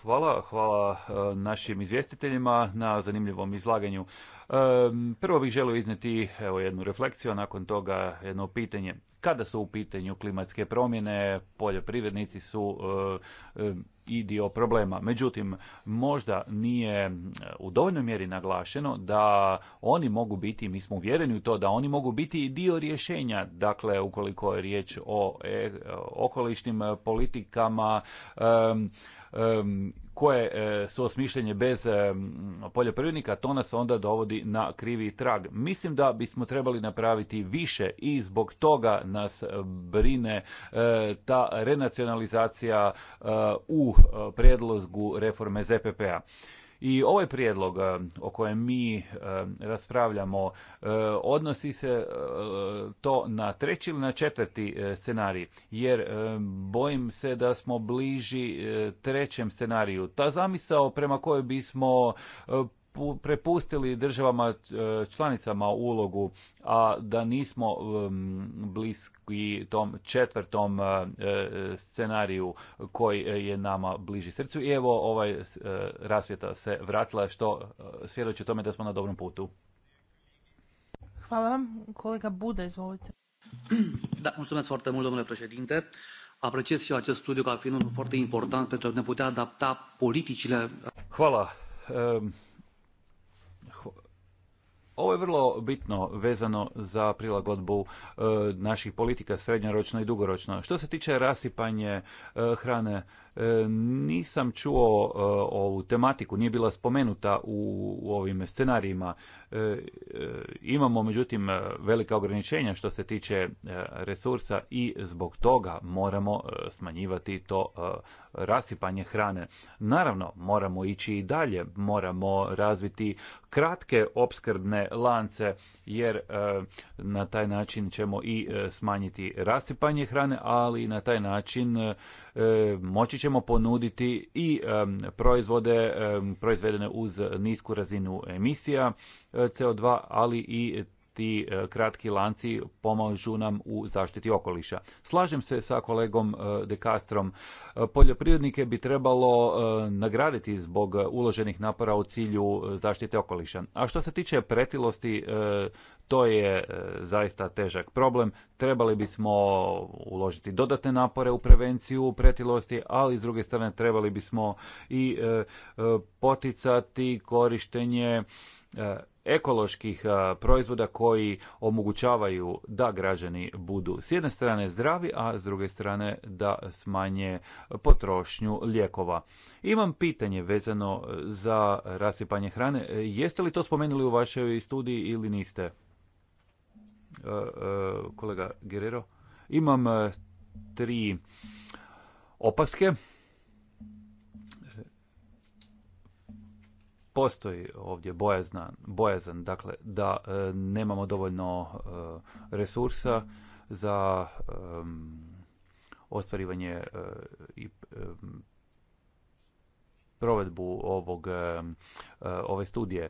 Hvala, hvala e, našim izvjestiteljima na zanimljivom izlaganju. E, prvo bih želio izneti evo, jednu refleksiju, a nakon toga jedno pitanje. Kada su u pitanju klimatske promjene, poljoprivrednici su e, i dio problema. Međutim, možda nije e, u dovoljnoj mjeri naglašeno da oni mogu biti, mi smo uvjereni u to, da oni mogu biti i dio rješenja. Dakle, ukoliko je riječ o e, okolišnim politikama, koje e, su osmišljenje bez e, poljoprivrednika, to nas onda dovodi na krivi trag. Mislim da bismo trebali napraviti više i zbog toga nas brine e, ta renacionalizacija u prijedlozgu reforme ZPP-a. I ovaj prijedlog e, o kojem mi e, raspravljamo e, odnosi se to na treći ili na četvrti scenarij, jer bojim se da smo bliži trećem scenariju. Ta zamisao prema kojoj bismo prepustili državama e, članicama ulogu, a da nismo bliski tom četvrtom e, e, scenariju koji je nama bliži srcu. I evo ovaj rasvjeta se vratila što svjedoči tome da smo na dobrom putu. Hvala vam. Kolega Buda, izvolite. Da, mulțumesc foarte mult, domnule președinte. Apreciez și acest studiu ca fiind unul foarte important pentru a ne putea adapta politicile. Hvala. Ovo je vrlo bitno vezano za prilagodbu e, naših politika srednjoročno i dugoročno. Što se tiče rasipanje e, hrane E, nisam čuo e, ovu tematiku, nije bila spomenuta u ovim scenarijima. E, imamo međutim velika ograničenja što se tiče resursa i zbog toga moramo smanjivati to rasipanje hrane. Naravno, moramo ići i dalje, moramo razviti kratke opskrbne lance jer na taj način ćemo i smanjiti rasipanje hrane, ali na taj način E, moći ćemo ponuditi i proizvode proizvedene uz nisku razinu emisija e, CO2, ali i ti e, kratki lanci pomažu nam u zaštiti okoliša. Slažem se sa kolegom e, De Castrom. E, poljoprivrednike bi trebalo nagraditi zbog uloženih napora u cilju zaštite okoliša. A što se tiče pretilosti, to je zaista težak problem. Trebali bismo uložiti dodatne napore u prevenciju pretilosti, ali s druge strane trebali bismo i poticati korištenje E, ekoloških e, proizvoda koji omogućavaju da građani budu s jedne strane zdravi, a s druge strane da smanje potrošnju lijekova. Imam pitanje vezano za rasipanje hrane. Jeste li to spomenuli u vašoj studiji ili niste? E, kolega Guerrero, imam tri opaske. postoji ovdje bojazan, bojazan dakle, da e, nemamo dovoljno e, resursa za ostvarivanje e, i provedbu ovog, ove studije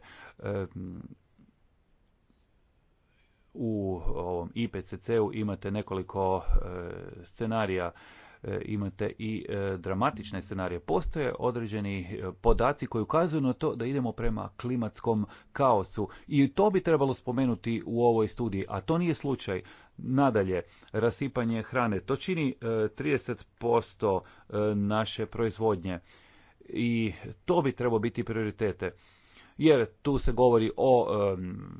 u ovom IPCC-u imate nekoliko scenarija E, imate i e, dramatične scenarije. Postoje određeni e, podaci koji ukazuju na to da idemo prema klimatskom kaosu i to bi trebalo spomenuti u ovoj studiji, a to nije slučaj. Nadalje, rasipanje hrane. To čini 30% naše proizvodnje i to bi trebalo biti prioritete jer tu se govori o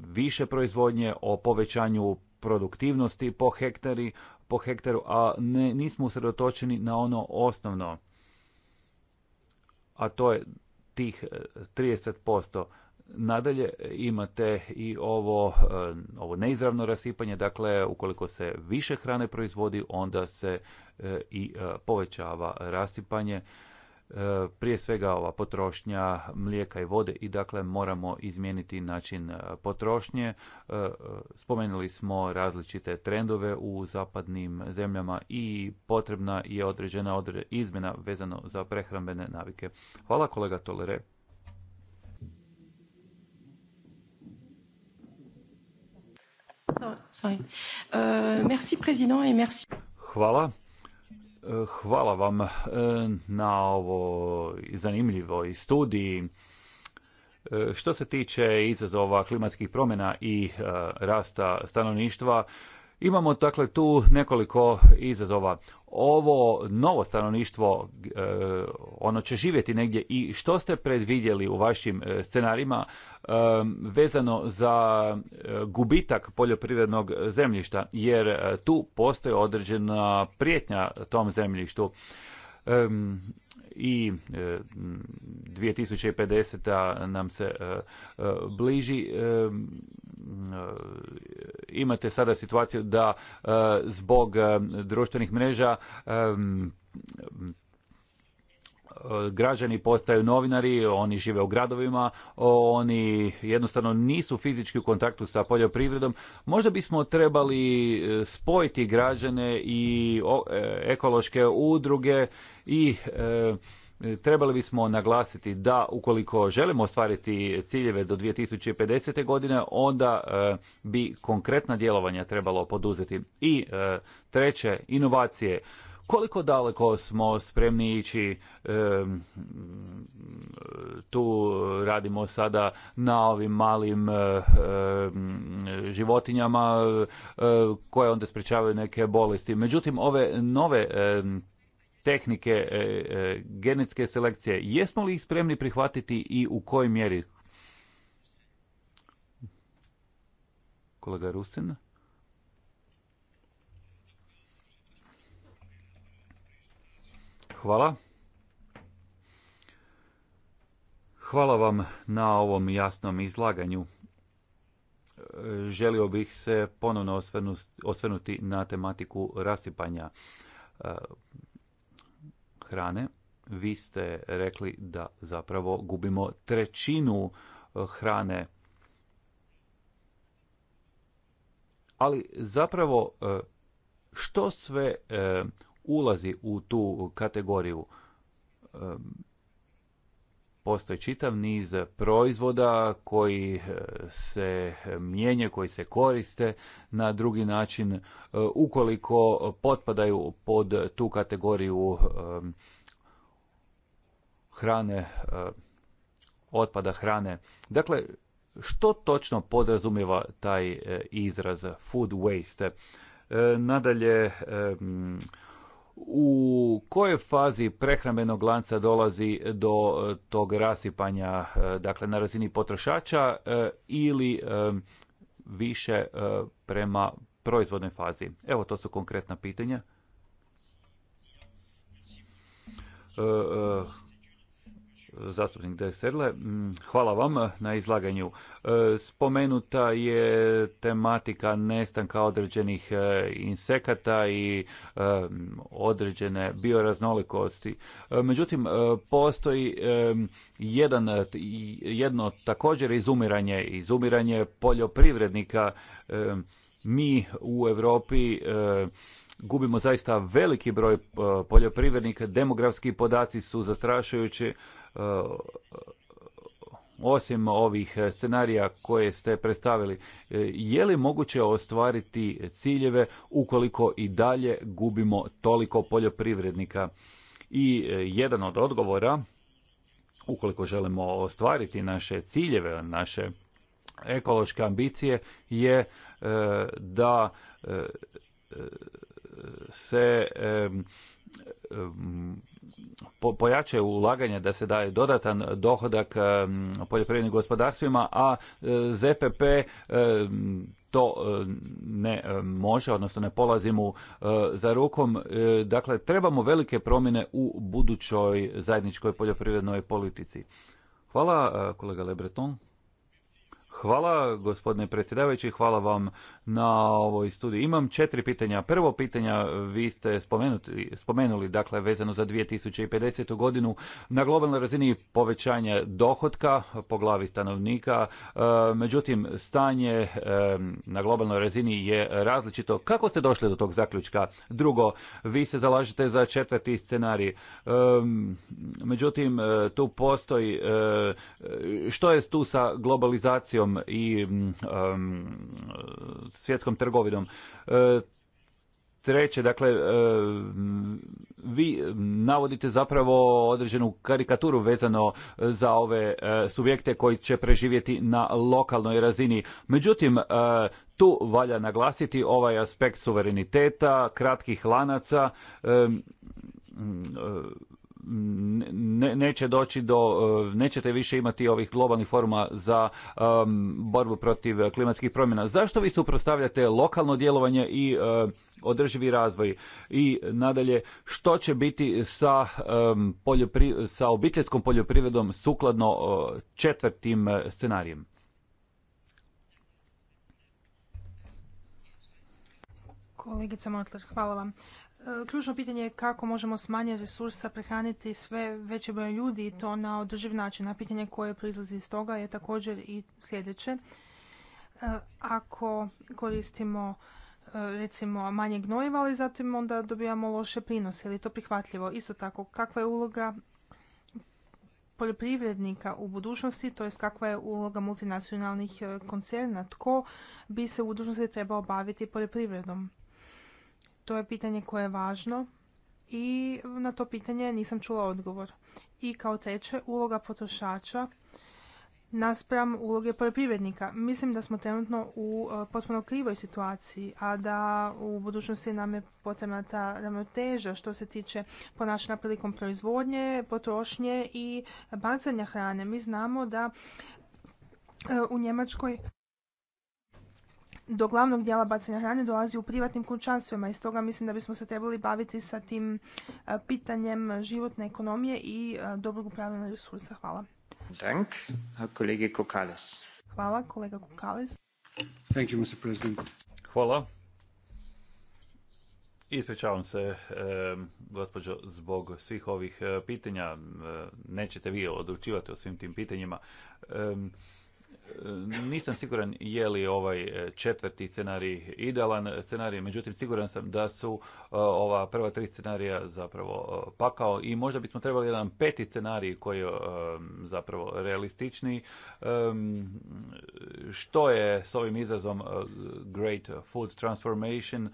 više proizvodnje, o povećanju produktivnosti po hektari, po hektaru, a ne, nismo usredotočeni na ono osnovno, a to je tih 30%. E, Nadalje imate i ovo, e, ovo neizravno rasipanje, dakle ukoliko se više hrane proizvodi, onda se e, i povećava rasipanje. E, prije svega ova potrošnja mlijeka i vode i dakle moramo izmijeniti način e, potrošnje. E, spomenuli smo različite trendove u zapadnim zemljama i potrebna je određena izmjena vezano za prehrambene navike. Hvala kolega Tolere. Hvala Hvala vam e, na ovo zanimljivoj studiji. E, što se tiče izazova klimatskih promjena i e, rasta stanovništva, Imamo dakle tu nekoliko izazova. Ovo novo stanovništvo, e, ono će živjeti negdje i što ste predvidjeli u vašim e, scenarijima e, vezano za gubitak poljoprivrednog zemljišta, jer tu postoje određena prijetnja tom zemljištu i 2050. E, nam se e, e, bliži. Imate sada situaciju da zbog društvenih mreža E, građani postaju novinari, oni žive u gradovima, oni jednostavno nisu fizički u kontaktu sa poljoprivredom. Možda bismo trebali e, spojiti građane i e, ekološke udruge i trebali bismo naglasiti da ukoliko želimo ostvariti ciljeve do 2050. godine, onda bi konkretna djelovanja trebalo poduzeti. I treće, inovacije koliko daleko smo spremni ići tu radimo sada na ovim malim eh, eh, životinjama eh, koje onda sprečavaju neke bolesti međutim ove nove tehnike genetske selekcije jesmo li ih spremni prihvatiti i u kojoj mjeri kolega Rusin Hvala. Hvala vam na ovom jasnom izlaganju. Želio bih se ponovno osvrnuti na tematiku rasipanja e, hrane. Vi ste rekli da zapravo gubimo trećinu e, hrane. Ali zapravo e, što sve ulazi u tu kategoriju. Postoji čitav niz proizvoda koji eh, se mijenje, koji se koriste na drugi način. Eh, ukoliko potpadaju pod tu kategoriju hrane, eh, otpada hrane. Dakle, što točno podrazumijeva taj izraz food waste? Nadalje, u kojoj fazi prehrambenog lanca dolazi do e, tog rasipanja, e, dakle na razini potrošača e, ili više prema proizvodnoj fazi? Evo, to su konkretna pitanja zastupnik De mm, Hvala vam na izlaganju. E, spomenuta je tematika nestanka određenih e, insekata i e, određene bioraznolikosti. Međutim, postoji jedan, jedno također izumiranje, izumiranje poljoprivrednika. Mi u Europi gubimo zaista veliki broj poljoprivrednika, demografski podaci su zastrašujući, E, osim ovih scenarija koje ste predstavili, e, je li moguće ostvariti ciljeve ukoliko i dalje gubimo toliko poljoprivrednika? I e, jedan od odgovora, ukoliko želimo ostvariti naše ciljeve, naše ekološke ambicije, je da se pojačaju ulaganja da se daje dodatan dohodak poljoprivrednim gospodarstvima, a e, ZPP e, to e, ne može, odnosno ne polazi mu za rukom. Dakle, trebamo velike promjene u budućoj zajedničkoj poljoprivrednoj politici. Hvala kolega Lebreton. Hvala gospodine predsjedavajući, hvala vam na ovoj studiji. Imam četiri pitanja. Prvo pitanja e, vi ste spomenuli, dakle, vezano za 2050. godinu na globalnoj razini povećanje dohotka po glavi stanovnika. E, međutim, stanje e, na globalnoj razini je različito. Kako ste došli do tog zaključka? Drugo, vi se zalažete za četvrti scenarij. Međutim, tu postoji što je tu sa globalizacijom i svjetskom trgovinom. E, treće, dakle, e, vi navodite zapravo određenu karikaturu vezano za ove e, subjekte koji će preživjeti na lokalnoj razini. Međutim, tu valja naglasiti ovaj aspekt suvereniteta, kratkih lanaca, ne, neće doći do, e, nećete više imati ovih globalnih foruma za e, borbu protiv klimatskih promjena. Zašto vi suprotstavljate lokalno djelovanje i e, održivi razvoj? I nadalje, što će biti sa, sa obiteljskom poljoprivredom sukladno četvrtim scenarijem? Kolegica Motler, hvala vam. E, ključno pitanje je kako možemo s manje resursa prehraniti sve veće broj ljudi i to na održiv način. A pitanje koje proizlazi iz toga je također i sljedeće. E, ako koristimo e, recimo manje gnojiva, ali zatim onda dobijamo loše prinose. Je li to prihvatljivo? Isto tako, kakva je uloga poljoprivrednika u budućnosti, to jest kakva je uloga multinacionalnih koncerna, tko bi se u budućnosti trebao baviti poljoprivredom? To je pitanje koje je važno i na to pitanje nisam čula odgovor. I kao treće, uloga potrošača naspram uloge poljoprivrednika. Mislim da smo trenutno u e, potpuno krivoj situaciji, a da u budućnosti nam je potrebna ta ravnoteža što se tiče ponašanja prilikom proizvodnje, potrošnje i bacanja hrane. Mi znamo da e, u Njemačkoj do glavnog dijela bacanja hrane dolazi u privatnim kućanstvima i stoga mislim da bismo se trebali baviti sa tim e, pitanjem životne ekonomije i e, dobrog upravljanja resursa. Hvala. Dank, kolege Kokales. Hvala, kolega Kokales. Thank you, Mr. President. Hvala. Ispričavam se, e, gospođo, zbog svih ovih e, pitanja. Nećete vi odlučivati o svim tim pitanjima. Nisam siguran je li ovaj e, četvrti scenarij idealan scenarij, međutim siguran sam da su e, ova prva tri scenarija zapravo e, pakao i možda bismo trebali jedan peti scenarij koji je zapravo realistični. Što je s ovim izrazom Great Food Transformation?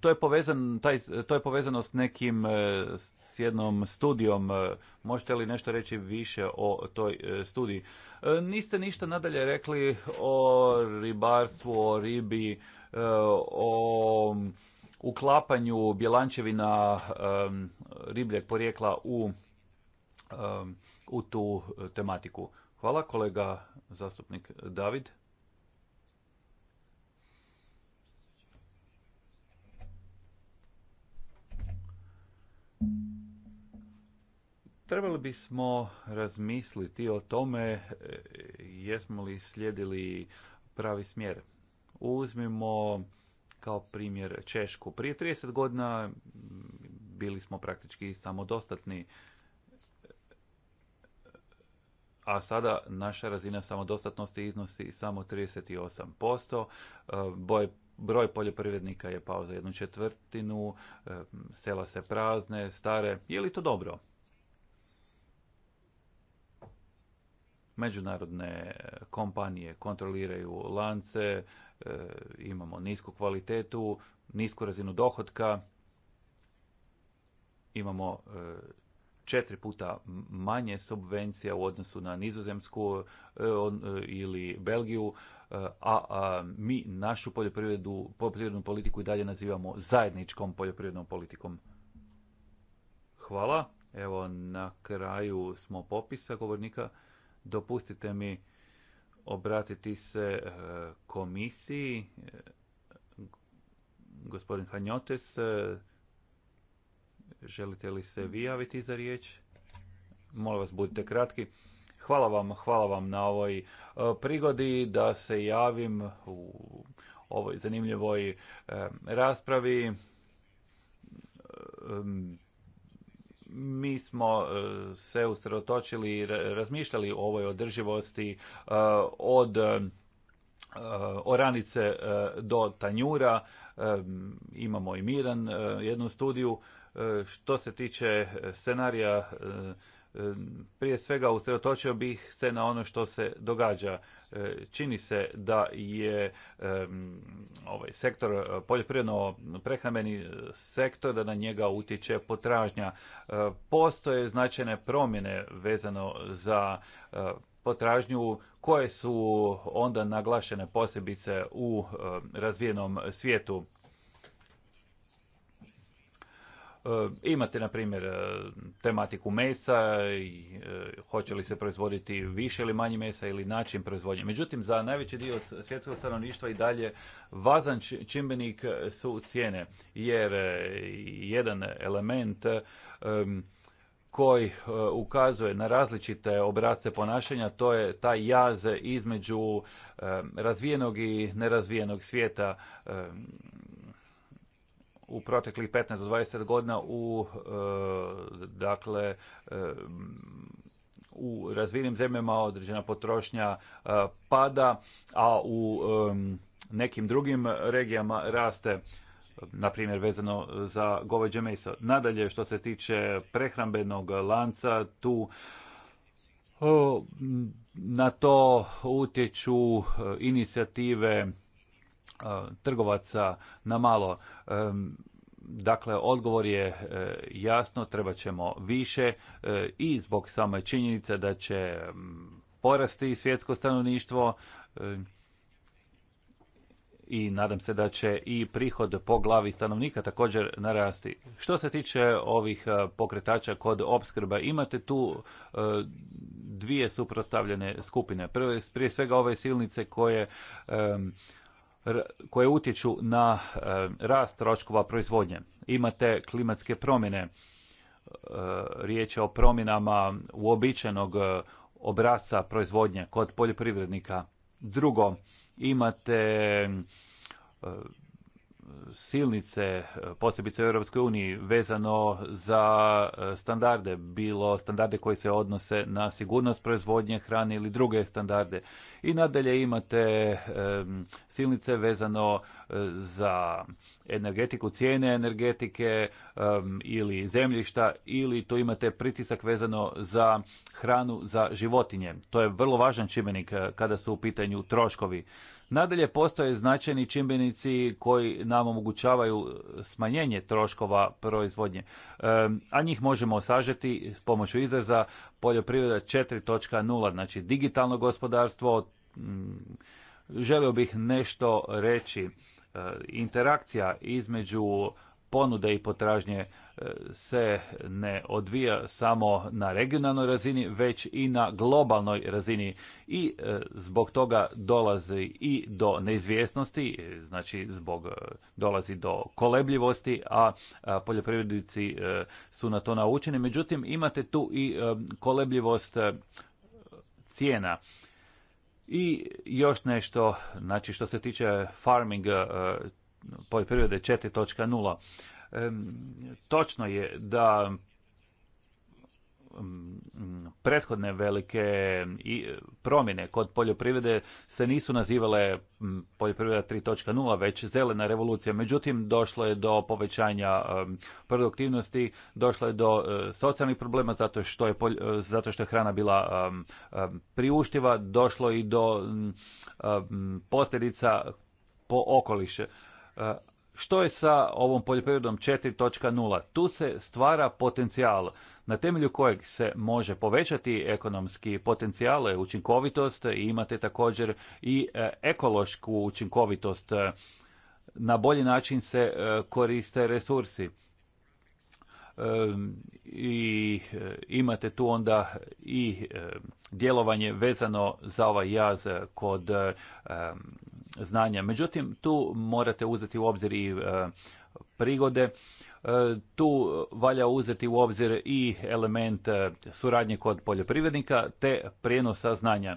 to je, povezan, taj, to je povezano s nekim, e, s jednom studijom. E, možete li nešto reći više o toj e, studiji? Niste ništa nadalje rekli o ribarstvu, o ribi, o uklapanju bjelančevina ribljeg porijekla u, u tu tematiku. Hvala kolega zastupnik David. Trebali bismo razmisliti o tome e, jesmo li slijedili pravi smjer. Uzmimo kao primjer Češku. Prije 30 godina bili smo praktički samodostatni, a sada naša razina samodostatnosti iznosi samo 38%. E, boj broj poljoprivrednika je pao za jednu četvrtinu, e, sela se prazne, stare. Je li to dobro? međunarodne e, kompanije kontroliraju lance, e, imamo nisku kvalitetu, nisku razinu dohotka, imamo e, četiri puta manje subvencija u odnosu na nizozemsku ili Belgiju, a, mi našu poljoprivredu, poljoprivrednu politiku i dalje nazivamo zajedničkom poljoprivrednom politikom. Hvala. Evo, na kraju smo popisa govornika. Dopustite mi obratiti se eh, komisiji. Eh, gospodin Hanjotes, eh, želite li se vi javiti za riječ? Molim vas, budite kratki. Hvala vam, hvala vam na ovoj prigodi da se javim u ovoj zanimljivoj raspravi mi smo e, se usredotočili i razmišljali o ovoj održivosti e, od e, oranice do tanjura. Imamo i miran jednu studiju. Što se tiče scenarija prije svega usredotočio bih se na ono što se događa. Čini se da je ovaj sektor e, poljoprivredno prehrambeni e, sektor da na njega utječe potražnja. E, postoje značajne promjene vezano za potražnju koje su onda naglašene posebice u razvijenom svijetu. E, imate, na primjer, e, tematiku mesa i e, hoće li se proizvoditi više ili manje mesa ili način proizvodnje. Međutim, za najveći dio svjetskog stanovništva i dalje vazan čimbenik su cijene, jer jedan element koji ukazuje na različite obrazce ponašanja, to je taj jaz između razvijenog i nerazvijenog svijeta u proteklih 15 do 20 godina u e, dakle e, u razvijenim zemljama određena potrošnja e, pada, a u nekim drugim regijama raste na primjer vezano za goveđe meso. Nadalje što se tiče prehrambenog lanca, tu na to utječu inicijative E, trgovaca na malo. E, dakle, odgovor je e, jasno, treba ćemo više i zbog same činjenice da će porasti svjetsko stanovništvo i nadam se da će i prihod po glavi stanovnika također narasti. Što se tiče ovih pokretača kod opskrba, imate tu dvije suprostavljene skupine. prije svega ove silnice koje koje utječu na e, rast troškova proizvodnje. Imate klimatske promjene, e, riječ je o promjenama uobičajenog e, obrasca proizvodnje kod poljoprivrednika. Drugo, imate silnice, e, posebice u EU vezano za e, standarde, bilo standarde koji se odnose na sigurnost proizvodnje hrane ili druge standarde. I nadalje imate e, silnice vezano za energetiku, cijene energetike ili zemljišta ili tu imate pritisak vezano za hranu za životinje. To je vrlo važan čimenik kada su u pitanju troškovi. Nadalje postoje značajni čimbenici koji nam omogućavaju smanjenje troškova proizvodnje, a njih možemo sažeti s pomoću izraza poljoprivreda 4.0, znači digitalno gospodarstvo. Mm, želio bih nešto reći interakcija između ponude i potražnje e, se ne odvija samo na regionalnoj razini, već i na globalnoj razini. I e, zbog toga dolazi i do neizvjesnosti, e, znači zbog dolazi do kolebljivosti, a poljoprivrednici su na to naučeni. Međutim, imate tu i kolebljivost cijena. I još nešto, znači što se tiče farminga, poljoprivrede 4.0. Točno je da prethodne velike promjene kod poljoprivrede se nisu nazivale poljoprivreda 3.0 već zelena revolucija. Međutim, došlo je do povećanja produktivnosti, došlo je do e, socijalnih problema zato što je, e, zato što je hrana bila priuštiva, došlo i do posljedica po okoliše. E, što je sa ovom poljoprivredom 4.0? Tu se stvara potencijal na temelju kojeg se može povećati ekonomski potencijal, e, učinkovitost i e, imate također i ekološku učinkovitost. Na bolji način se koriste resursi i imate tu onda i djelovanje vezano za ovaj jaz kod znanja. Međutim, tu morate uzeti u obzir i e, prigode. E, tu valja uzeti u obzir i element e, suradnje kod poljoprivrednika te prijenosa znanja.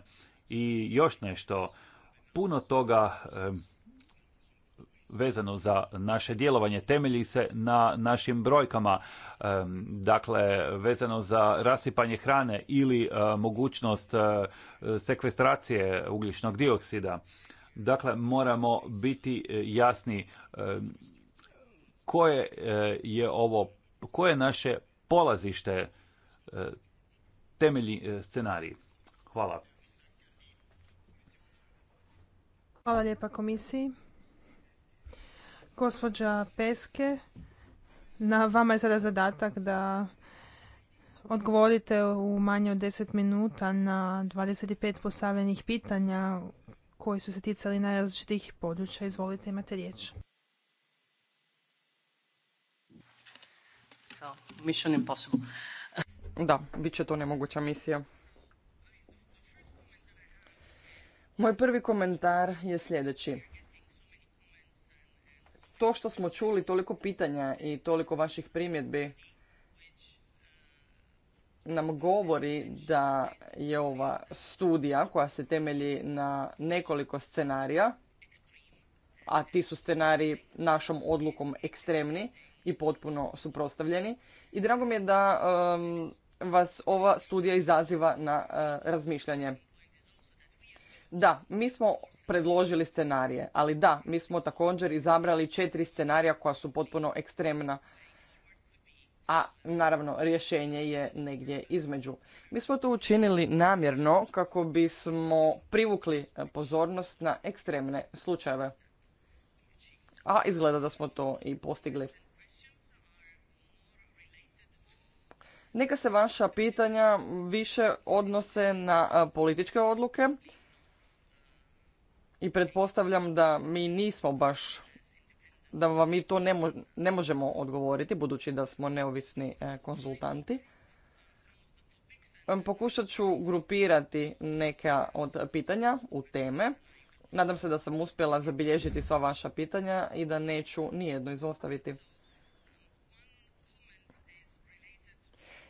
I još nešto, puno toga vezano za naše djelovanje temelji se na našim brojkama, dakle vezano za rasipanje hrane ili mogućnost sekvestracije ugljičnog dioksida. Dakle, moramo biti e, jasni e, koje e, je ovo, koje je naše polazište temelji scenarij. Hvala. Hvala lijepa komisiji. Gospođa Peske, na vama je sada zadatak da odgovorite u manje od 10 minuta na 25 postavljenih pitanja koji su se ticali različitih područja. Izvolite, imate riječ. Da, bit će to nemoguća misija. Moj prvi komentar je sljedeći. To što smo čuli, toliko pitanja i toliko vaših primjedbi, nam govori da je ova studija koja se temelji na nekoliko scenarija, a ti su scenariji našom odlukom ekstremni i potpuno suprotstavljeni. I drago mi je da um, vas ova studija izaziva na uh, razmišljanje. Da, mi smo predložili scenarije, ali da, mi smo također izabrali četiri scenarija koja su potpuno ekstremna a naravno rješenje je negdje između. Mi smo to učinili namjerno kako bismo privukli e, pozornost na ekstremne slučajeve. A izgleda da smo to i postigli. Neka se vaša pitanja više odnose na e, političke odluke i pretpostavljam da mi nismo baš da vam mi to ne, možemo odgovoriti, budući da smo neovisni e, konzultanti. Pokušat ću grupirati neka od pitanja u teme. Nadam se da sam uspjela zabilježiti sva vaša pitanja i da neću nijedno izostaviti.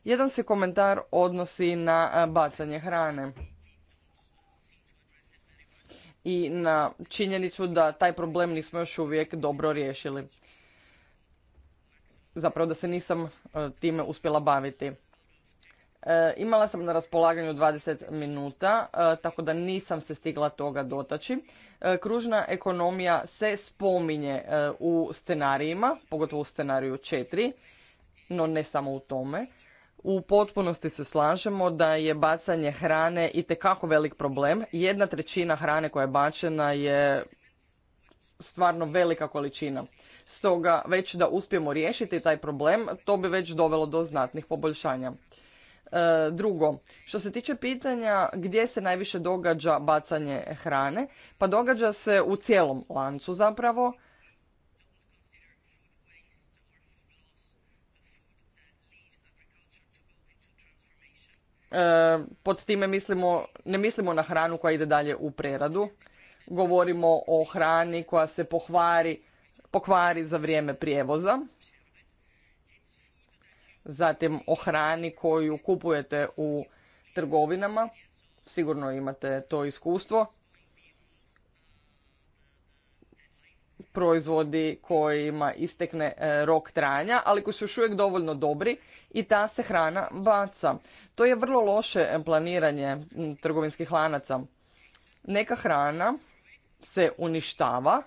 Jedan se komentar odnosi na e, bacanje hrane i na činjenicu da taj problem nismo još uvijek dobro riješili. Zapravo da se nisam e, time uspjela baviti. E, imala sam na raspolaganju 20 minuta, e, tako da nisam se stigla toga dotaći. kružna ekonomija se spominje u scenarijima, pogotovo u scenariju 4, no ne samo u tome. U potpunosti se slažemo da je bacanje hrane i tekako velik problem. Jedna trećina hrane koja je bačena je stvarno velika količina. Stoga već da uspijemo riješiti taj problem, to bi već dovelo do znatnih poboljšanja. E, drugo, što se tiče pitanja gdje se najviše događa bacanje hrane, pa događa se u cijelom lancu zapravo E, pod time mislimo, ne mislimo na hranu koja ide dalje u preradu. Govorimo o hrani koja se pohvari, pokvari za vrijeme prijevoza. Zatim o hrani koju kupujete u trgovinama. Sigurno imate to iskustvo. proizvodi kojima istekne e, rok trajanja, ali koji su još uvijek dovoljno dobri i ta se hrana baca. To je vrlo loše e, planiranje trgovinskih lanaca. Neka hrana se uništava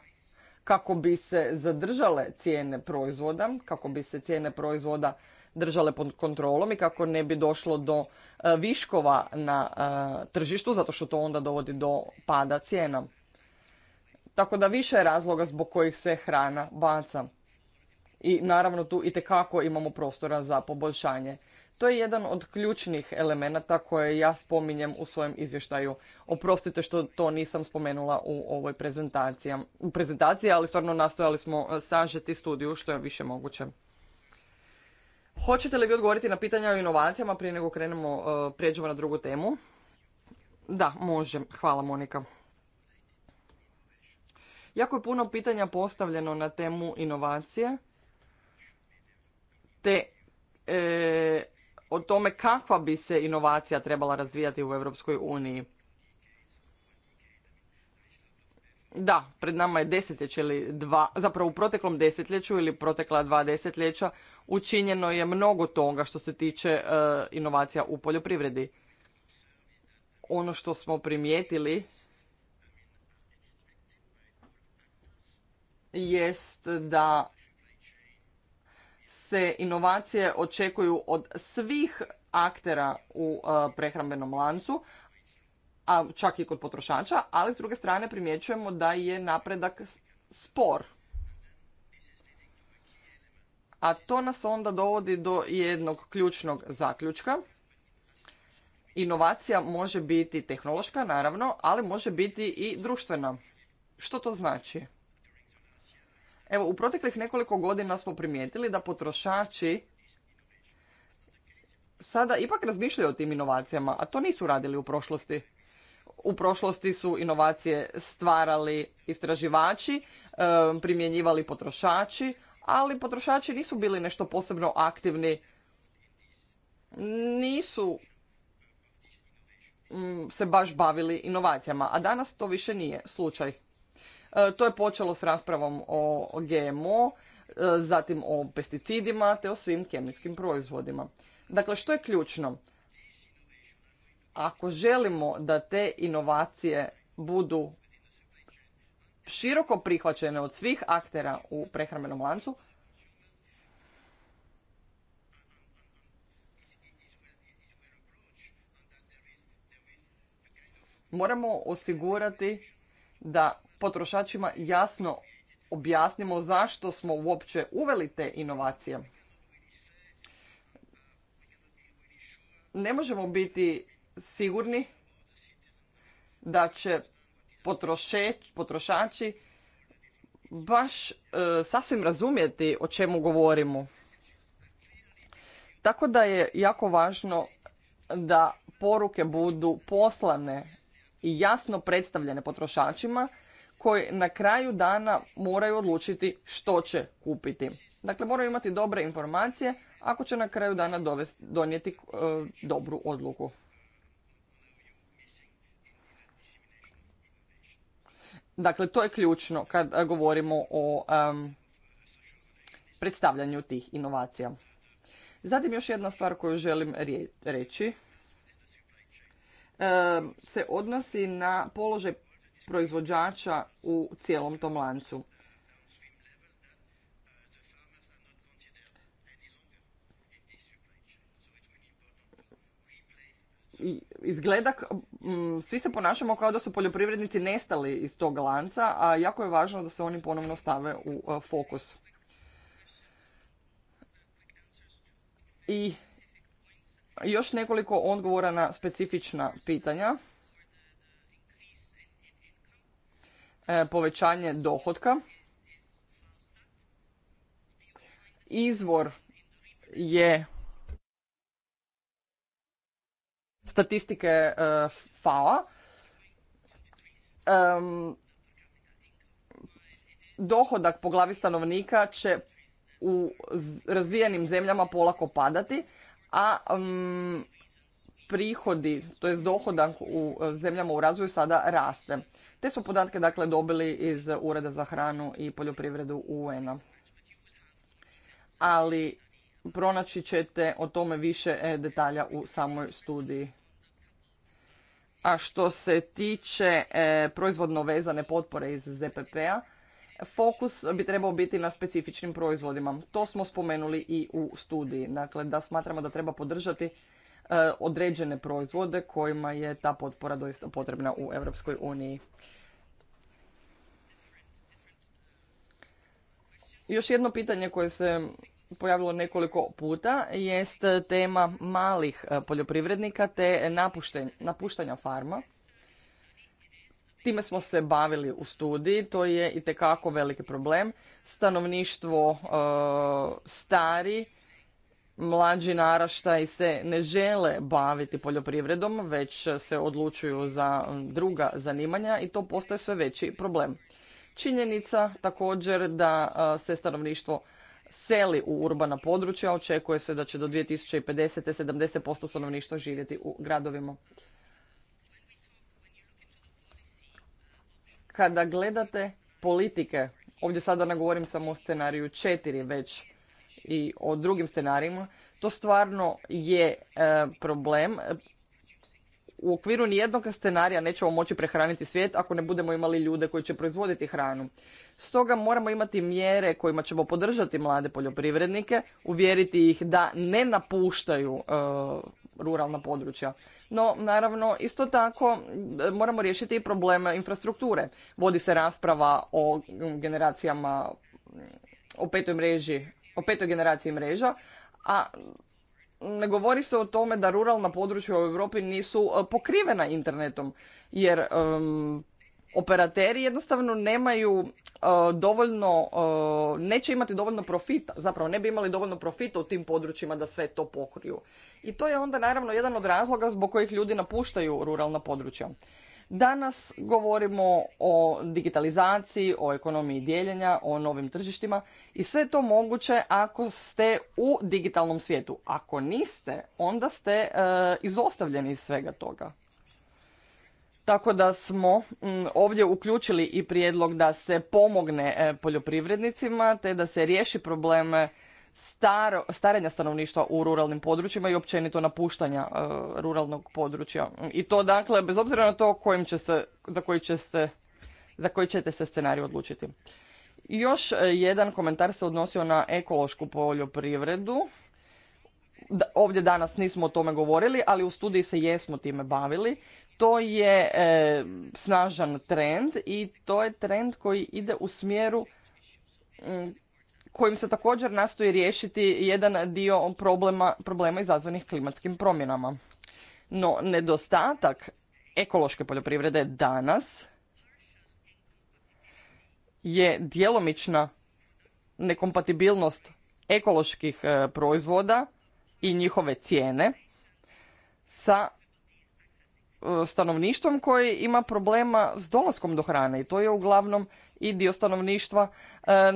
kako bi se zadržale cijene proizvoda, kako bi se cijene proizvoda držale pod kontrolom i kako ne bi došlo do e, viškova na tržištu, zato što to onda dovodi do pada cijena. Tako da više je razloga zbog kojih se hrana baca. I naravno tu i tekako imamo prostora za poboljšanje. To je jedan od ključnih elemenata koje ja spominjem u svojem izvještaju. Oprostite što to nisam spomenula u ovoj prezentaciji, prezentaciji ali stvarno nastojali smo e, sažeti studiju što je više moguće. Hoćete li vi odgovoriti na pitanja o inovacijama prije nego krenemo, e, prijeđemo na drugu temu? Da, možem. Hvala Monika. Jako je puno pitanja postavljeno na temu inovacije, te e, o tome kakva bi se inovacija trebala razvijati u Europskoj uniji. Da, pred nama je desetljeće ili dva, zapravo u proteklom desetljeću ili protekla dva desetljeća učinjeno je mnogo toga što se tiče e, inovacija u poljoprivredi. Ono što smo primijetili jest da se inovacije očekuju od svih aktera u e, prehrambenom lancu, a čak i kod potrošača, ali s druge strane primjećujemo da je napredak spor. A to nas onda dovodi do jednog ključnog zaključka. Inovacija može biti tehnološka, naravno, ali može biti i društvena. Što to znači? Evo, u proteklih nekoliko godina smo primijetili da potrošači sada ipak razmišljaju o tim inovacijama, a to nisu radili u prošlosti. U prošlosti su inovacije stvarali istraživači, primjenjivali potrošači, ali potrošači nisu bili nešto posebno aktivni. Nisu mm, se baš bavili inovacijama, a danas to više nije slučaj. E, to je počelo s raspravom o GMO, e, zatim o pesticidima te o svim kemijskim proizvodima. Dakle, što je ključno? Ako želimo da te inovacije budu široko prihvaćene od svih aktera u prehrambenom lancu, moramo osigurati da potrošačima jasno objasnimo zašto smo uopće uveli te inovacije. Ne možemo biti sigurni da će potrošači baš e, sasvim razumjeti o čemu govorimo. Tako da je jako važno da poruke budu poslane i jasno predstavljene potrošačima koji na kraju dana moraju odlučiti što će kupiti. Dakle, moraju imati dobre informacije ako će na kraju dana donijeti e, dobru odluku. Dakle, to je ključno kad e, govorimo o predstavljanju tih inovacija. Zatim još jedna stvar koju želim reći se odnosi na položaj proizvođača u cijelom tom lancu. izgleda, svi se ponašamo kao da su poljoprivrednici nestali iz tog lanca, a jako je važno da se oni ponovno stave u e, fokus. I još nekoliko odgovora na specifična pitanja. E, povećanje dohotka. Izvor je statistike e, FAO. Dohodak po glavi stanovnika će u razvijenim zemljama polako padati, a prihodi, to jest dohodak u e, zemljama u razvoju sada raste. Te smo podatke dakle dobili iz Ureda za hranu i poljoprivredu UN-a. Ali pronaći ćete o tome više e, detalja u samoj studiji. A što se tiče e, proizvodno vezane potpore iz ZPP-a, fokus bi trebao biti na specifičnim proizvodima. To smo spomenuli i u studiji. Dakle, da smatramo da treba podržati E, određene proizvode kojima je ta potpora doista potrebna u Europskoj uniji. Još jedno pitanje koje se pojavilo nekoliko puta jest tema malih e, poljoprivrednika te napuštanja farma. Time smo se bavili u studiji, to je i tekako veliki problem. Stanovništvo e, stari, mlađi naraštaj se ne žele baviti poljoprivredom, već se odlučuju za druga zanimanja i to postaje sve veći problem. Činjenica također da se stanovništvo seli u urbana područja, očekuje se da će do 2050. 70% stanovništva živjeti u gradovima. Kada gledate politike, ovdje sada ne govorim samo o scenariju 4, već i o drugim scenarijima, to stvarno je e, problem. U okviru nijednog scenarija nećemo moći prehraniti svijet ako ne budemo imali ljude koji će proizvoditi hranu. Stoga moramo imati mjere kojima ćemo podržati mlade poljoprivrednike, uvjeriti ih da ne napuštaju e, ruralna područja. No, naravno, isto tako e, moramo riješiti i probleme infrastrukture. Vodi se rasprava o mm, generacijama, mm, o petoj mreži o petoj generaciji mreža, a ne govori se o tome da ruralna područja u Europi nisu e, pokrivena internetom jer um, operateri jednostavno nemaju e, dovoljno, e, neće imati dovoljno profita, zapravo ne bi imali dovoljno profita u tim područjima da sve to pokriju. I to je onda naravno jedan od razloga zbog kojih ljudi napuštaju ruralna područja. Danas govorimo o digitalizaciji, o ekonomiji dijeljenja, o novim tržištima i sve je to moguće ako ste u digitalnom svijetu. Ako niste, onda ste e, izostavljeni iz svega toga. Tako da smo ovdje uključili i prijedlog da se pomogne e, poljoprivrednicima te da se riješi probleme starenja stanovništva u ruralnim područjima i općenito napuštanja e, ruralnog područja. I to dakle, bez obzira na to kojim će se, za, koji će se, za koji ćete se scenarij odlučiti. Još e, jedan komentar se odnosio na ekološku poljoprivredu. ovdje danas nismo o tome govorili, ali u studiji se jesmo time bavili. To je e, snažan trend i to je trend koji ide u smjeru kojim se također nastoji riješiti jedan dio problema, problema izazvanih klimatskim promjenama. No, nedostatak ekološke poljoprivrede danas je djelomična nekompatibilnost ekoloških e, proizvoda i njihove cijene sa e, stanovništvom koji ima problema s dolaskom do hrane i to je uglavnom i dio stanovništva e,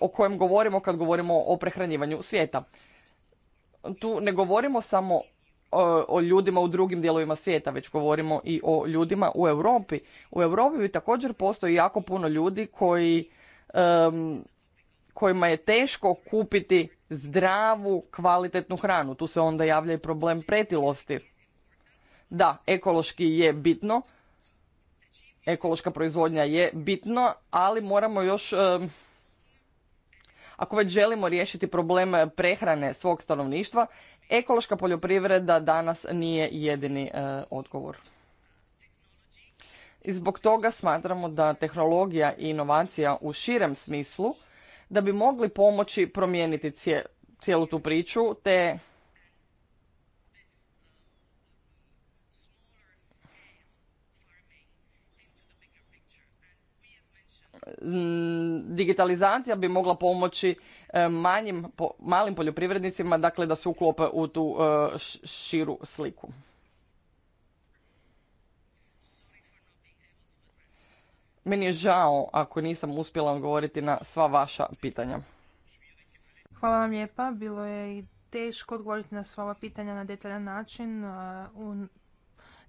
o kojem govorimo kad govorimo o prehranjivanju svijeta. Tu ne govorimo samo e, o ljudima u drugim dijelovima svijeta, već govorimo i o ljudima u Europi. U Europi također postoji jako puno ljudi koji, kojima je teško kupiti zdravu, kvalitetnu hranu. Tu se onda javlja i problem pretilosti. Da, ekološki je bitno, ekološka proizvodnja je bitno, ali moramo još, e, ako već želimo riješiti problem prehrane svog stanovništva, ekološka poljoprivreda danas nije jedini e, odgovor. I zbog toga smatramo da tehnologija i inovacija u širem smislu da bi mogli pomoći promijeniti cijelu tu priču te Mm, digitalizacija bi mogla pomoći e, manjim, malim poljoprivrednicima dakle da se uklope u tu e, širu sliku. Meni je žao ako nisam uspjela odgovoriti na sva vaša pitanja. Hvala vam lijepa. Bilo je i teško odgovoriti na sva ova pitanja na detaljan način e, u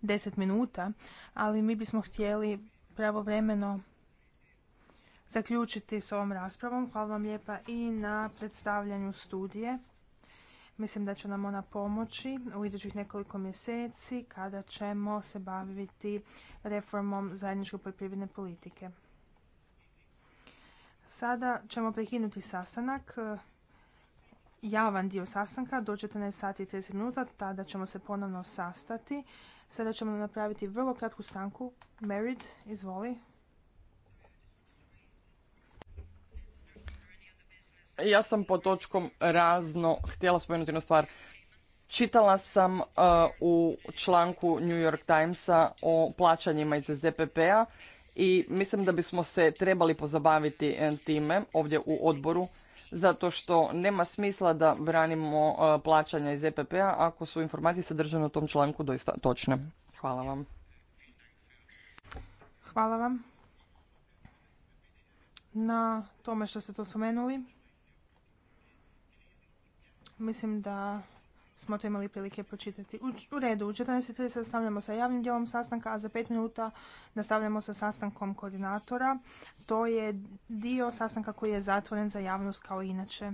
deset minuta, ali mi bismo htjeli pravovremeno zaključiti s ovom raspravom. Hvala vam lijepa i na predstavljanju studije. Mislim da će nam ona pomoći u idućih nekoliko mjeseci kada ćemo se baviti reformom zajedničke poljoprivredne politike. Sada ćemo prekinuti sastanak, javan dio sastanka do 14 sati i 30 minuta, tada ćemo se ponovno sastati. Sada ćemo napraviti vrlo kratku stanku. Merit, izvoli. E, ja sam pod točkom razno htjela spomenuti jednu stvar. Čitala sam e, u članku New York Timesa o plaćanjima iz ZPP-a i mislim da bismo se trebali pozabaviti e, time ovdje u odboru zato što nema smisla da branimo plaćanja iz ZPP-a ako su informacije sadržane u tom članku doista točne. Hvala vam. Hvala vam na tome što ste to spomenuli. Mislim da smo to imali prilike pročitati. U, redu, u 14.30 nastavljamo sa javnim dijelom sastanka, a za 5 minuta nastavljamo sa sastankom koordinatora. To je dio sastanka koji je zatvoren za javnost kao i inače.